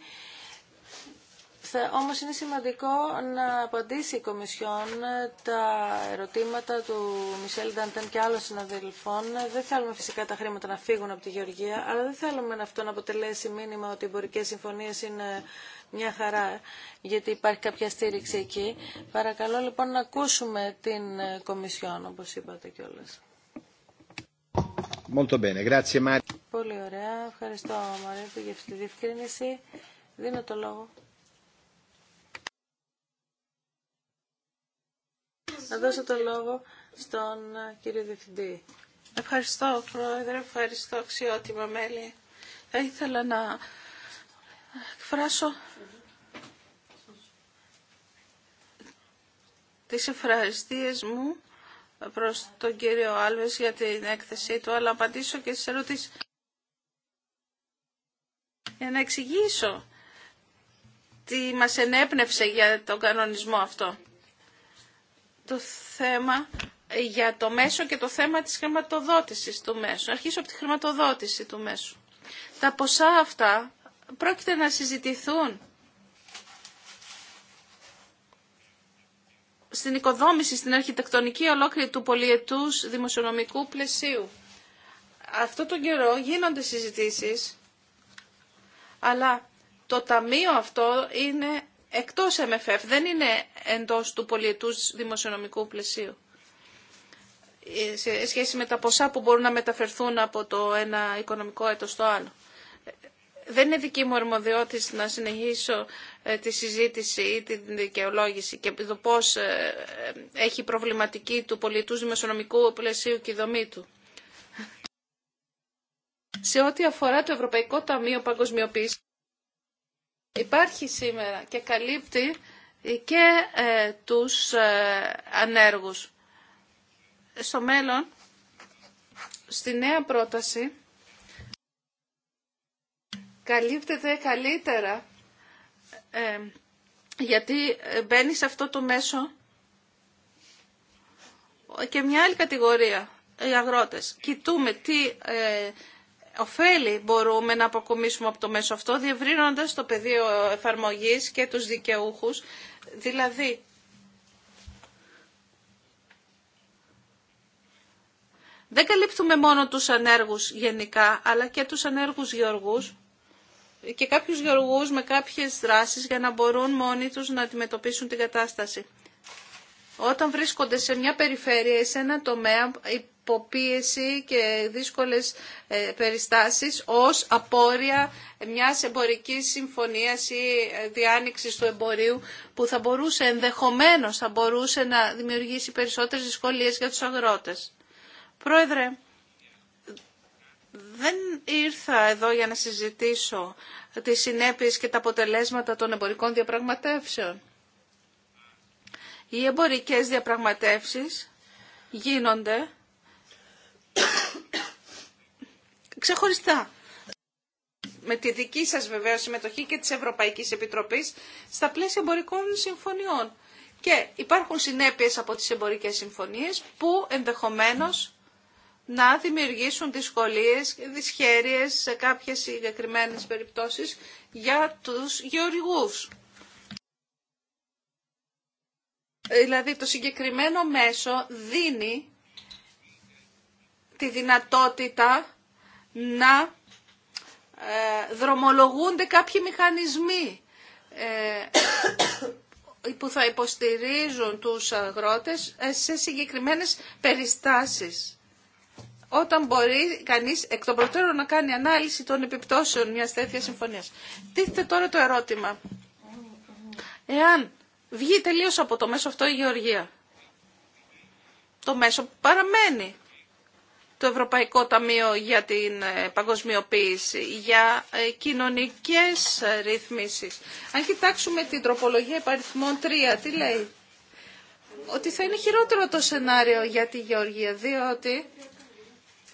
Θα, όμως είναι σημαντικό να απαντήσει η Κομισιόν ε, τα ερωτήματα του Μισελ Νταντέν και άλλων συναδελφών. Ε, δεν θέλουμε φυσικά τα χρήματα να φύγουν από τη Γεωργία, αλλά δεν θέλουμε αυτό να αποτελέσει μήνυμα ότι οι εμπορικές συμφωνίες είναι μια χαρά, γιατί υπάρχει κάποια στήριξη εκεί. Παρακαλώ λοιπόν να ακούσουμε την ε, Κομισιόν, όπως είπατε κιόλας. Molto Πολύ ωραία. Ευχαριστώ, Μαρία, για αυτή τη διευκρίνηση. Δίνω το λόγο να δώσω το λόγο στον ε, κύριο Διευθυντή. Ευχαριστώ, Πρόεδρε. Ευχαριστώ, αξιότιμα μέλη. Θα ήθελα να εκφράσω τις ευχαριστίες μου προς τον κύριο Άλβες για την έκθεσή του, αλλά απαντήσω και στις ερωτήσεις. Για να εξηγήσω τι μας ενέπνευσε για τον κανονισμό αυτό το θέμα ε, για το μέσο και το θέμα της χρηματοδότησης του μέσου. Αρχίσω από τη χρηματοδότηση του μέσου. Τα ποσά αυτά πρόκειται να συζητηθούν στην οικοδόμηση, στην αρχιτεκτονική ολόκληρη του πολιετούς δημοσιονομικού πλαισίου. Αυτό τον καιρό γίνονται συζητήσεις, αλλά το ταμείο αυτό είναι εκτός MFF, δεν είναι εντός του πολιετούς δημοσιονομικού πλαισίου ε, σε σχέση με τα ποσά που μπορούν να μεταφερθούν από το ένα οικονομικό έτος στο άλλο. Δεν είναι δική μου αρμοδιότητα να συνεχίσω ε, τη συζήτηση ή την δικαιολόγηση και το πώς ε, έχει προβληματική του πολιτούς δημοσιονομικού πλαισίου και η δομή του. Σε ό,τι αφορά το Ευρωπαϊκό Ταμείο Παγκοσμιοποίηση, υπάρχει σήμερα και καλύπτει και ε, τους ε, ανέργους. Στο μέλλον, στη νέα πρόταση, καλύπτεται καλύτερα ε, γιατί μπαίνει σε αυτό το μέσο και μια άλλη κατηγορία, οι αγρότες. Κοιτούμε τι Οφέλη μπορούμε να αποκομίσουμε από το μέσο αυτό, διευρύνοντας το πεδίο εφαρμογής και τους δικαιούχους. Δηλαδή, δεν καλύπτουμε μόνο τους ανέργους γενικά, αλλά και τους ανέργους γεωργούς και κάποιους γεωργούς με κάποιες δράσεις για να μπορούν μόνοι τους να αντιμετωπίσουν την κατάσταση. Όταν βρίσκονται σε μια περιφέρεια ή σε ένα τομέα, υποπίεση και δύσκολες ε, περιστάσεις ως απόρρια μιας εμπορικής συμφωνίας ή ε, διάνοιξης του εμπορίου που θα μπορούσε ενδεχομένως θα μπορούσε να δημιουργήσει περισσότερες δυσκολίες για τους αγρότες. Πρόεδρε, δεν ήρθα εδώ για να συζητήσω τις συνέπειες και τα αποτελέσματα των εμπορικών διαπραγματεύσεων. Οι εμπορικές διαπραγματεύσεις γίνονται ξεχωριστά με τη δική σας βεβαίως συμμετοχή και της Ευρωπαϊκής Επιτροπής στα πλαίσια εμπορικών συμφωνιών. Και υπάρχουν συνέπειες από τις εμπορικές συμφωνίες που ενδεχομένως να δημιουργήσουν δυσκολίες και δυσχέρειες σε κάποιες συγκεκριμένες περιπτώσεις για τους γεωργούς. Δηλαδή το συγκεκριμένο μέσο δίνει τη δυνατότητα να ε, δρομολογούνται κάποιοι μηχανισμοί ε, που θα υποστηρίζουν τους αγρότες ε, σε συγκεκριμένες περιστάσεις. Όταν μπορεί κανείς εκ των προτέρων να κάνει ανάλυση των επιπτώσεων μιας τέτοιας συμφωνίας. Τίθεται τώρα το ερώτημα. Εάν βγει τελείως από το μέσο αυτό η Γεωργία, το μέσο παραμένει το Ευρωπαϊκό Ταμείο για την ε, Παγκοσμιοποίηση, για ε, κοινωνικές ρυθμίσεις. Αν κοιτάξουμε την τροπολογία υπαριθμών 3, τι λέει. Ότι θα είναι χειρότερο το σενάριο για τη Γεωργία, διότι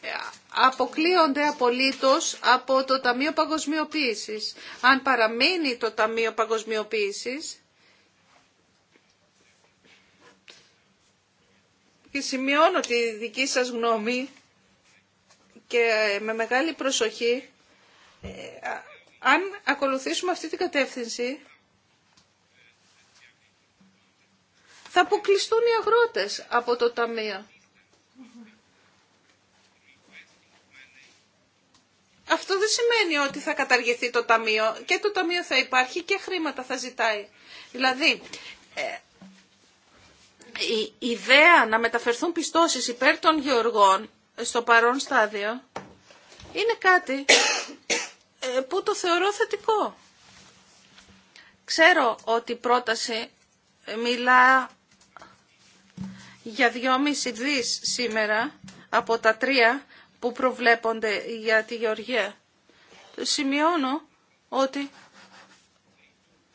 ε, αποκλείονται απολύτως από το Ταμείο Παγκοσμιοποίησης. Αν παραμείνει το Ταμείο Παγκοσμιοποίησης, και σημειώνω τη δική σας γνώμη και με μεγάλη προσοχή, ε, αν ακολουθήσουμε αυτή την κατεύθυνση, θα αποκλειστούν οι αγρότες από το Ταμείο. Αυτό δεν σημαίνει ότι θα καταργηθεί το Ταμείο. Και το Ταμείο θα υπάρχει και χρήματα θα ζητάει. Δηλαδή, ε, η ιδέα να μεταφερθούν πιστώσεις υπέρ των γεωργών στο παρόν στάδιο είναι κάτι ε, που το θεωρώ θετικό. Ξέρω ότι η πρόταση μιλά για 2,5 δις σήμερα από τα τρία που προβλέπονται για τη Γεωργία. Σημειώνω ότι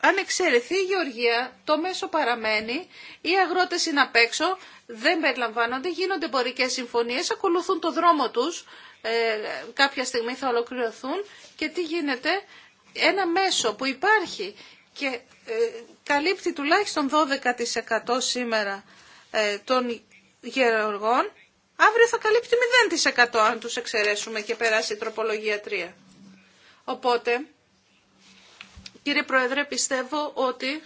αν εξαιρεθεί η γεωργία, το μέσο παραμένει, οι αγρότες είναι απ' έξω, δεν περιλαμβάνονται, γίνονται εμπορικέ συμφωνίες, ακολουθούν το δρόμο τους, ε, κάποια στιγμή θα ολοκληρωθούν και τι γίνεται, ένα μέσο που υπάρχει και ε, καλύπτει τουλάχιστον 12% σήμερα ε, των γεωργών, αύριο θα καλύπτει 0% αν τους εξαιρέσουμε και περάσει η τροπολογία 3. Οπότε, Κύριε Πρόεδρε, πιστεύω ότι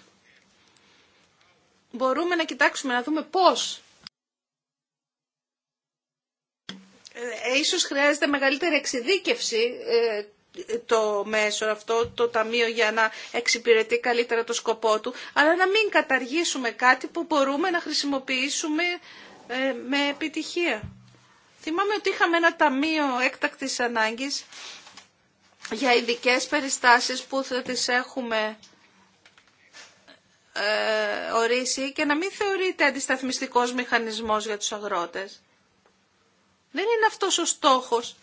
μπορούμε να κοιτάξουμε, να δούμε πώς. Ε, ίσως χρειάζεται μεγαλύτερη εξειδίκευση ε, το μέσο αυτό, το ταμείο για να εξυπηρετεί καλύτερα το σκοπό του, αλλά να μην καταργήσουμε κάτι που μπορούμε να χρησιμοποιήσουμε ε, με επιτυχία. Θυμάμαι ότι είχαμε ένα ταμείο έκτακτης ανάγκης για ειδικέ περιστάσεις που θα τις έχουμε ε, ορίσει και να μην θεωρείται αντισταθμιστικός μηχανισμός για τους αγρότες. Δεν είναι αυτός ο στόχος.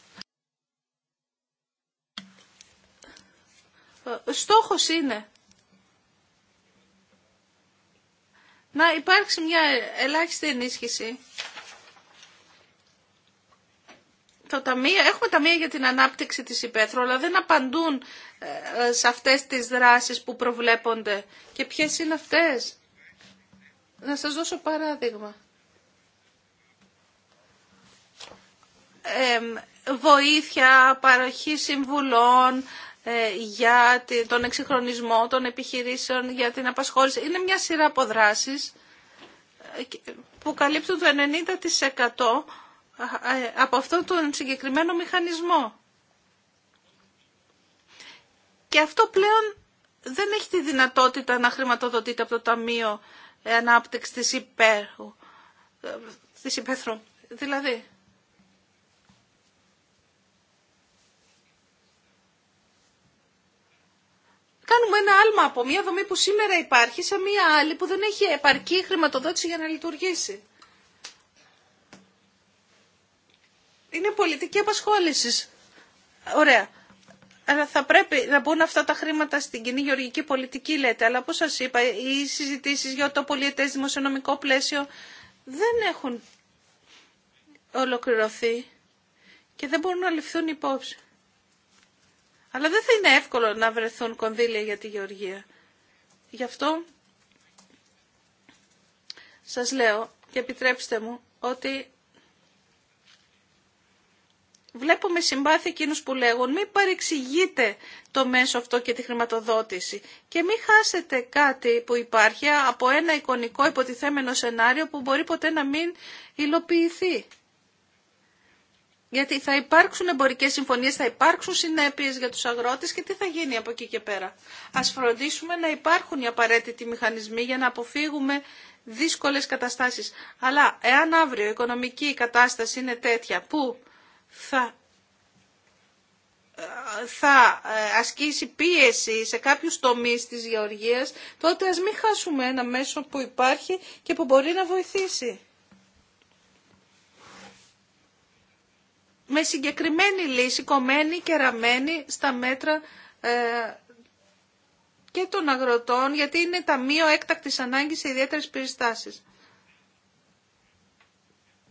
Ο ε, στόχος είναι να υπάρξει μια ελάχιστη ενίσχυση τα έχουμε ταμεία για την ανάπτυξη της υπαίθρου, αλλά δεν απαντούν ε, σε αυτές τις δράσεις που προβλέπονται. Και ποιες είναι αυτές. Να σας δώσω παράδειγμα. βοήθεια, παροχή συμβουλών ε, για τον εξυγχρονισμό των επιχειρήσεων, για την απασχόληση. Είναι μια σειρά από δράσεις ε, που καλύπτουν το 90% ε, από αυτόν τον συγκεκριμένο μηχανισμό. Και αυτό πλέον δεν έχει τη δυνατότητα να χρηματοδοτείται από το Ταμείο ε, Ανάπτυξης της Υπέρου. Ε, της Υπέθρου. Δηλαδή... Κάνουμε ένα άλμα από μια δομή που σήμερα υπάρχει σε μια άλλη που δεν έχει επαρκή χρηματοδότηση για να λειτουργήσει. είναι πολιτική απασχόληση. Ωραία. Αλλά θα πρέπει να μπουν αυτά τα χρήματα στην κοινή γεωργική πολιτική, λέτε. Αλλά όπω σας είπα, οι συζητήσει για το πολιετέ δημοσιονομικό πλαίσιο δεν έχουν ολοκληρωθεί και δεν μπορούν να ληφθούν υπόψη. Αλλά δεν θα είναι εύκολο να βρεθούν κονδύλια για τη γεωργία. Γι' αυτό σας λέω και επιτρέψτε μου ότι βλέπουμε συμπάθεια εκείνου που λέγουν μην παρεξηγείτε το μέσο αυτό και τη χρηματοδότηση και μην χάσετε κάτι που υπάρχει από ένα εικονικό υποτιθέμενο σενάριο που μπορεί ποτέ να μην υλοποιηθεί. Γιατί θα υπάρξουν εμπορικέ συμφωνίε, θα υπάρξουν συνέπειε για του αγρότε και τι θα γίνει από εκεί και πέρα. Α φροντίσουμε να υπάρχουν οι απαραίτητοι μηχανισμοί για να αποφύγουμε δύσκολε καταστάσει. Αλλά εάν αύριο η οικονομική κατάσταση είναι τέτοια που θα θα ε, ασκήσει πίεση σε κάποιους τομείς της γεωργίας, τότε ας μην χάσουμε ένα μέσο που υπάρχει και που μπορεί να βοηθήσει. Με συγκεκριμένη λύση, κομμένη και ραμμένη στα μέτρα ε, και των αγροτών, γιατί είναι ταμείο έκτακτης ανάγκης σε ιδιαίτερες περιστάσεις.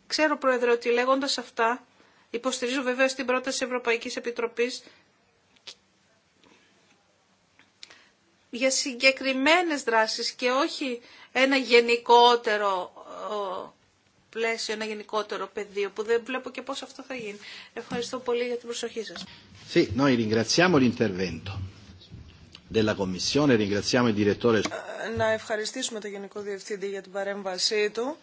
Ξέρω, Πρόεδρε, ότι λέγοντας αυτά, Υποστηρίζω βέβαια στην πρόταση Ευρωπαϊκής Επιτροπής για συγκεκριμένες δράσεις και όχι ένα γενικότερο πλαίσιο, ένα γενικότερο πεδίο που δεν βλέπω και πώς αυτό θα γίνει. Ευχαριστώ πολύ για την προσοχή σας. Sì, noi ringraziamo l'intervento della Commissione, ringraziamo il direttore. Ε, να ευχαριστήσουμε τον Γενικό Διευθύντη για την παρέμβασή του.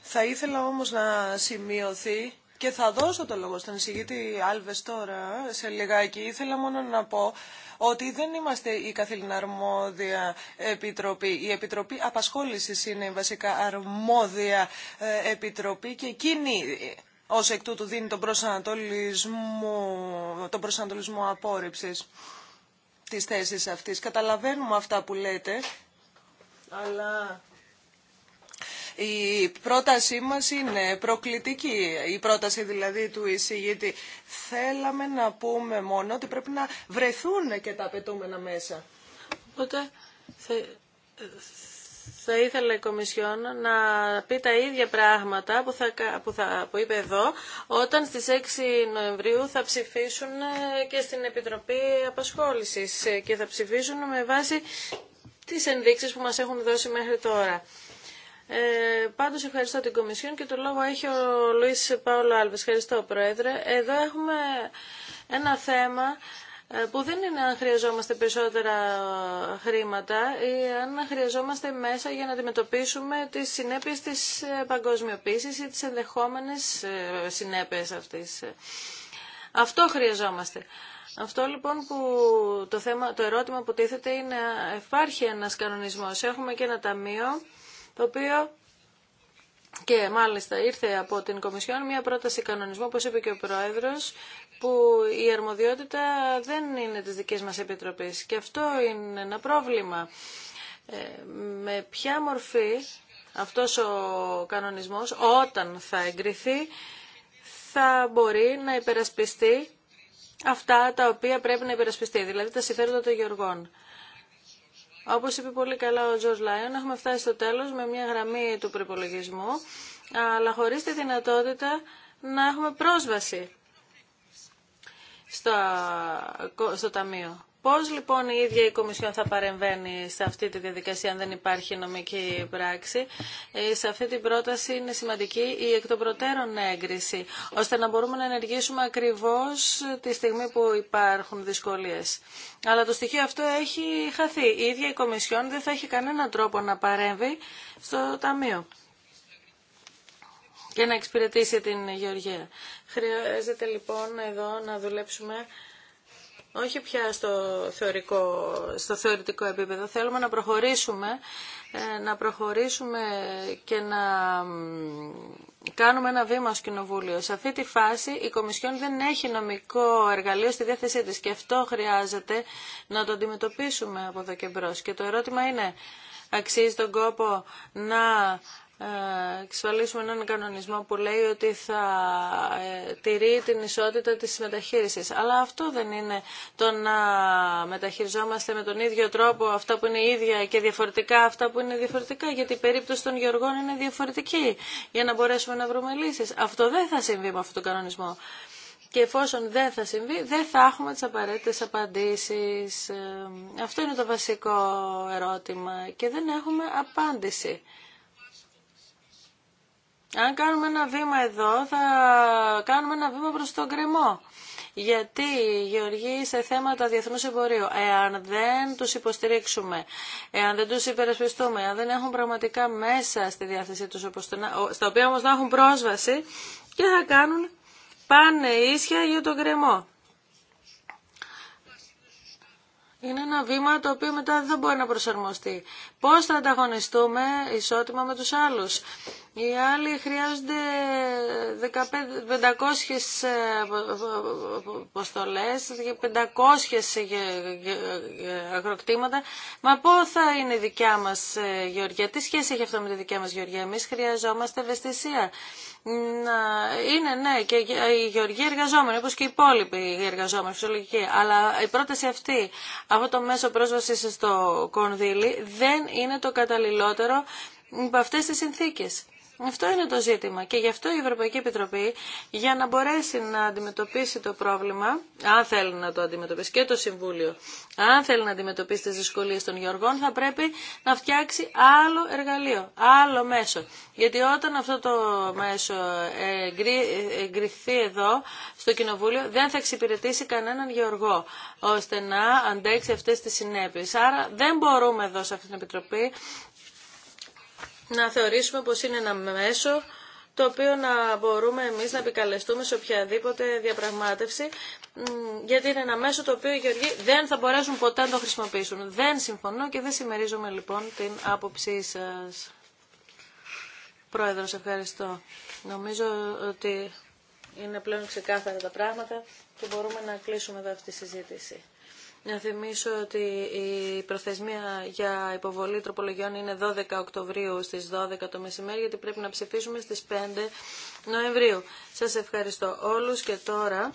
Θα ήθελα όμως να σημειωθεί και θα δώσω το λόγο στον εισηγητή Άλβες τώρα, σε λιγάκι. Ήθελα μόνο να πω ότι δεν είμαστε η καθήλυνα αρμόδια επιτροπή. Η Επιτροπή Απασχόλησης είναι βασικά αρμόδια ε, επιτροπή και εκείνη ε, ω εκ τούτου δίνει τον προσανατολισμό, τον προσανατολισμό απόρριψης της θέσης αυτής. Καταλαβαίνουμε αυτά που λέτε, αλλά η πρότασή μας είναι προκλητική, η πρόταση δηλαδή του εισηγήτη. Θέλαμε να πούμε μόνο ότι πρέπει να βρεθούν και τα απαιτούμενα μέσα. Οπότε θα, ήθελα η Κομισιόν να πει τα ίδια πράγματα που, θα, που, θα, που είπε εδώ, όταν στις 6 Νοεμβρίου θα ψηφίσουν και στην Επιτροπή Απασχόλησης και θα ψηφίσουν με βάση τις ενδείξεις που μας έχουν δώσει μέχρι τώρα. Ε, πάντως ευχαριστώ την Κομισιόν και το λόγο έχει ο Λουίς Παόλο Άλβες. Ευχαριστώ Πρόεδρε. Εδώ έχουμε ένα θέμα ε, που δεν είναι αν χρειαζόμαστε περισσότερα χρήματα ή αν χρειαζόμαστε μέσα για να αντιμετωπίσουμε τις συνέπειες της ε, παγκοσμιοποίησης ή τις ενδεχόμενες ε, συνέπειες αυτής. Αυτό χρειαζόμαστε. Αυτό λοιπόν που το, θέμα, το ερώτημα που τίθεται είναι υπάρχει ένας κανονισμός. Έχουμε και ένα ταμείο το οποίο και μάλιστα ήρθε από την Κομισιόν μια πρόταση κανονισμού, όπως είπε και ο Πρόεδρος, που η αρμοδιότητα δεν είναι της δικής μας Επιτροπής. Και αυτό είναι ένα πρόβλημα. Ε, με ποια μορφή αυτός ο κανονισμός, όταν θα εγκριθεί, θα μπορεί να υπερασπιστεί αυτά τα οποία πρέπει να υπερασπιστεί, δηλαδή τα συμφέροντα των γεωργών. Όπως είπε πολύ καλά ο Τζορ Λάιον, έχουμε φτάσει στο τέλος με μια γραμμή του προπολογισμού, αλλά χωρίς τη δυνατότητα να έχουμε πρόσβαση στο, στο ταμείο. Πώς λοιπόν η ίδια η Κομισιόν θα παρεμβαίνει σε αυτή τη διαδικασία αν δεν υπάρχει νομική πράξη. Ε, σε αυτή την πρόταση είναι σημαντική η εκ των προτέρων έγκριση, ώστε να μπορούμε να ενεργήσουμε ακριβώς τη στιγμή που υπάρχουν δυσκολίες. Αλλά το στοιχείο αυτό έχει χαθεί. Η ίδια η Κομισιόν δεν θα έχει κανένα τρόπο να παρέμβει στο Ταμείο και να εξυπηρετήσει την Γεωργία. Χρειάζεται λοιπόν εδώ να δουλέψουμε όχι πια στο στο θεωρητικό επίπεδο. Θέλουμε να προχωρήσουμε, ε, να προχωρήσουμε και να κάνουμε ένα βήμα ως Κοινοβούλιο. Σε αυτή τη φάση η Κομισιόν δεν έχει νομικό εργαλείο στη διάθεσή της και αυτό χρειάζεται να το αντιμετωπίσουμε από εδώ και μπρος. Και το ερώτημα είναι, αξίζει τον κόπο να ε, εξασφαλίσουμε έναν κανονισμό που λέει ότι θα ε, τηρεί την ισότητα της μεταχείρισης. Αλλά αυτό δεν είναι το να μεταχειριζόμαστε με τον ίδιο τρόπο αυτά που είναι ίδια και διαφορετικά αυτά που είναι διαφορετικά, γιατί η περίπτωση των γεωργών είναι διαφορετική για να μπορέσουμε να βρούμε λύσεις. Αυτό δεν θα συμβεί με αυτόν τον κανονισμό. Και εφόσον δεν θα συμβεί, δεν θα έχουμε τις απαραίτητες απαντήσεις. Ε, αυτό είναι το βασικό ερώτημα και δεν έχουμε απάντηση. Αν κάνουμε ένα βήμα εδώ, θα κάνουμε ένα βήμα προς τον κρεμό. Γιατί, Γεωργή, σε θέματα διεθνούς εμπορίου, εάν δεν τους υποστηρίξουμε, εάν δεν τους υπερασπιστούμε, εάν δεν έχουν πραγματικά μέσα στη διάθεσή τους, στα οποία όμως να έχουν πρόσβαση, και θα κάνουν πάνε ίσια για τον κρεμό. Είναι ένα βήμα το οποίο μετά δεν θα μπορεί να προσαρμοστεί. Πώς θα ανταγωνιστούμε ισότιμα με τους άλλους. Οι άλλοι χρειάζονται 500 αποστολές, 500 αγροκτήματα. Μα πώ θα είναι η δικιά μας γεωργία, τι σχέση έχει αυτό με τη δικιά μας γεωργία. εμεί χρειαζόμαστε ευαισθησία. Είναι ναι και η γεωργία εργαζόμενη, όπως και οι υπόλοιποι εργαζόμενοι φυσιολογικοί αλλά η πρόταση αυτή από το μέσο πρόσβαση στο κονδύλι δεν είναι το καταλληλότερο υπό αυτές τις συνθήκες. Αυτό είναι το ζήτημα και γι' αυτό η Ευρωπαϊκή Επιτροπή για να μπορέσει να αντιμετωπίσει το πρόβλημα, αν θέλει να το αντιμετωπίσει και το Συμβούλιο, αν θέλει να αντιμετωπίσει τις δυσκολίες των γεωργών θα πρέπει να φτιάξει άλλο εργαλείο, άλλο μέσο. Γιατί όταν αυτό το μέσο εγκριθεί εδώ στο Κοινοβούλιο δεν θα εξυπηρετήσει κανέναν γεωργό ώστε να αντέξει αυτές τις συνέπειες. Άρα δεν μπορούμε εδώ σε αυτή την Επιτροπή να θεωρήσουμε πως είναι ένα μέσο το οποίο να μπορούμε εμείς να επικαλεστούμε σε οποιαδήποτε διαπραγμάτευση, γιατί είναι ένα μέσο το οποίο οι Γεωργοί δεν θα μπορέσουν ποτέ να το χρησιμοποιήσουν. Δεν συμφωνώ και δεν συμμερίζομαι λοιπόν την άποψή σας. Πρόεδρος, ευχαριστώ. Νομίζω ότι είναι πλέον ξεκάθαρα τα πράγματα και μπορούμε να κλείσουμε εδώ αυτή τη συζήτηση. Να θυμίσω ότι η προθεσμία για υποβολή τροπολογιών είναι 12 Οκτωβρίου στις 12 το μεσημέρι, γιατί πρέπει να ψηφίσουμε στις 5 Νοεμβρίου. Σας ευχαριστώ όλους και τώρα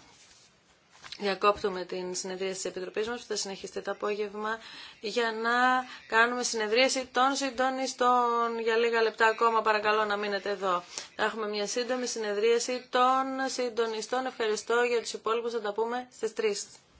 διακόπτουμε την συνεδρίαση της Επιτροπής μας που θα συνεχιστεί το απόγευμα για να κάνουμε συνεδρίαση των συντονιστών για λίγα λεπτά ακόμα παρακαλώ να μείνετε εδώ. Θα έχουμε μια σύντομη συνεδρίαση των συντονιστών. Ευχαριστώ για τους υπόλοιπους. Θα τα πούμε στις 3.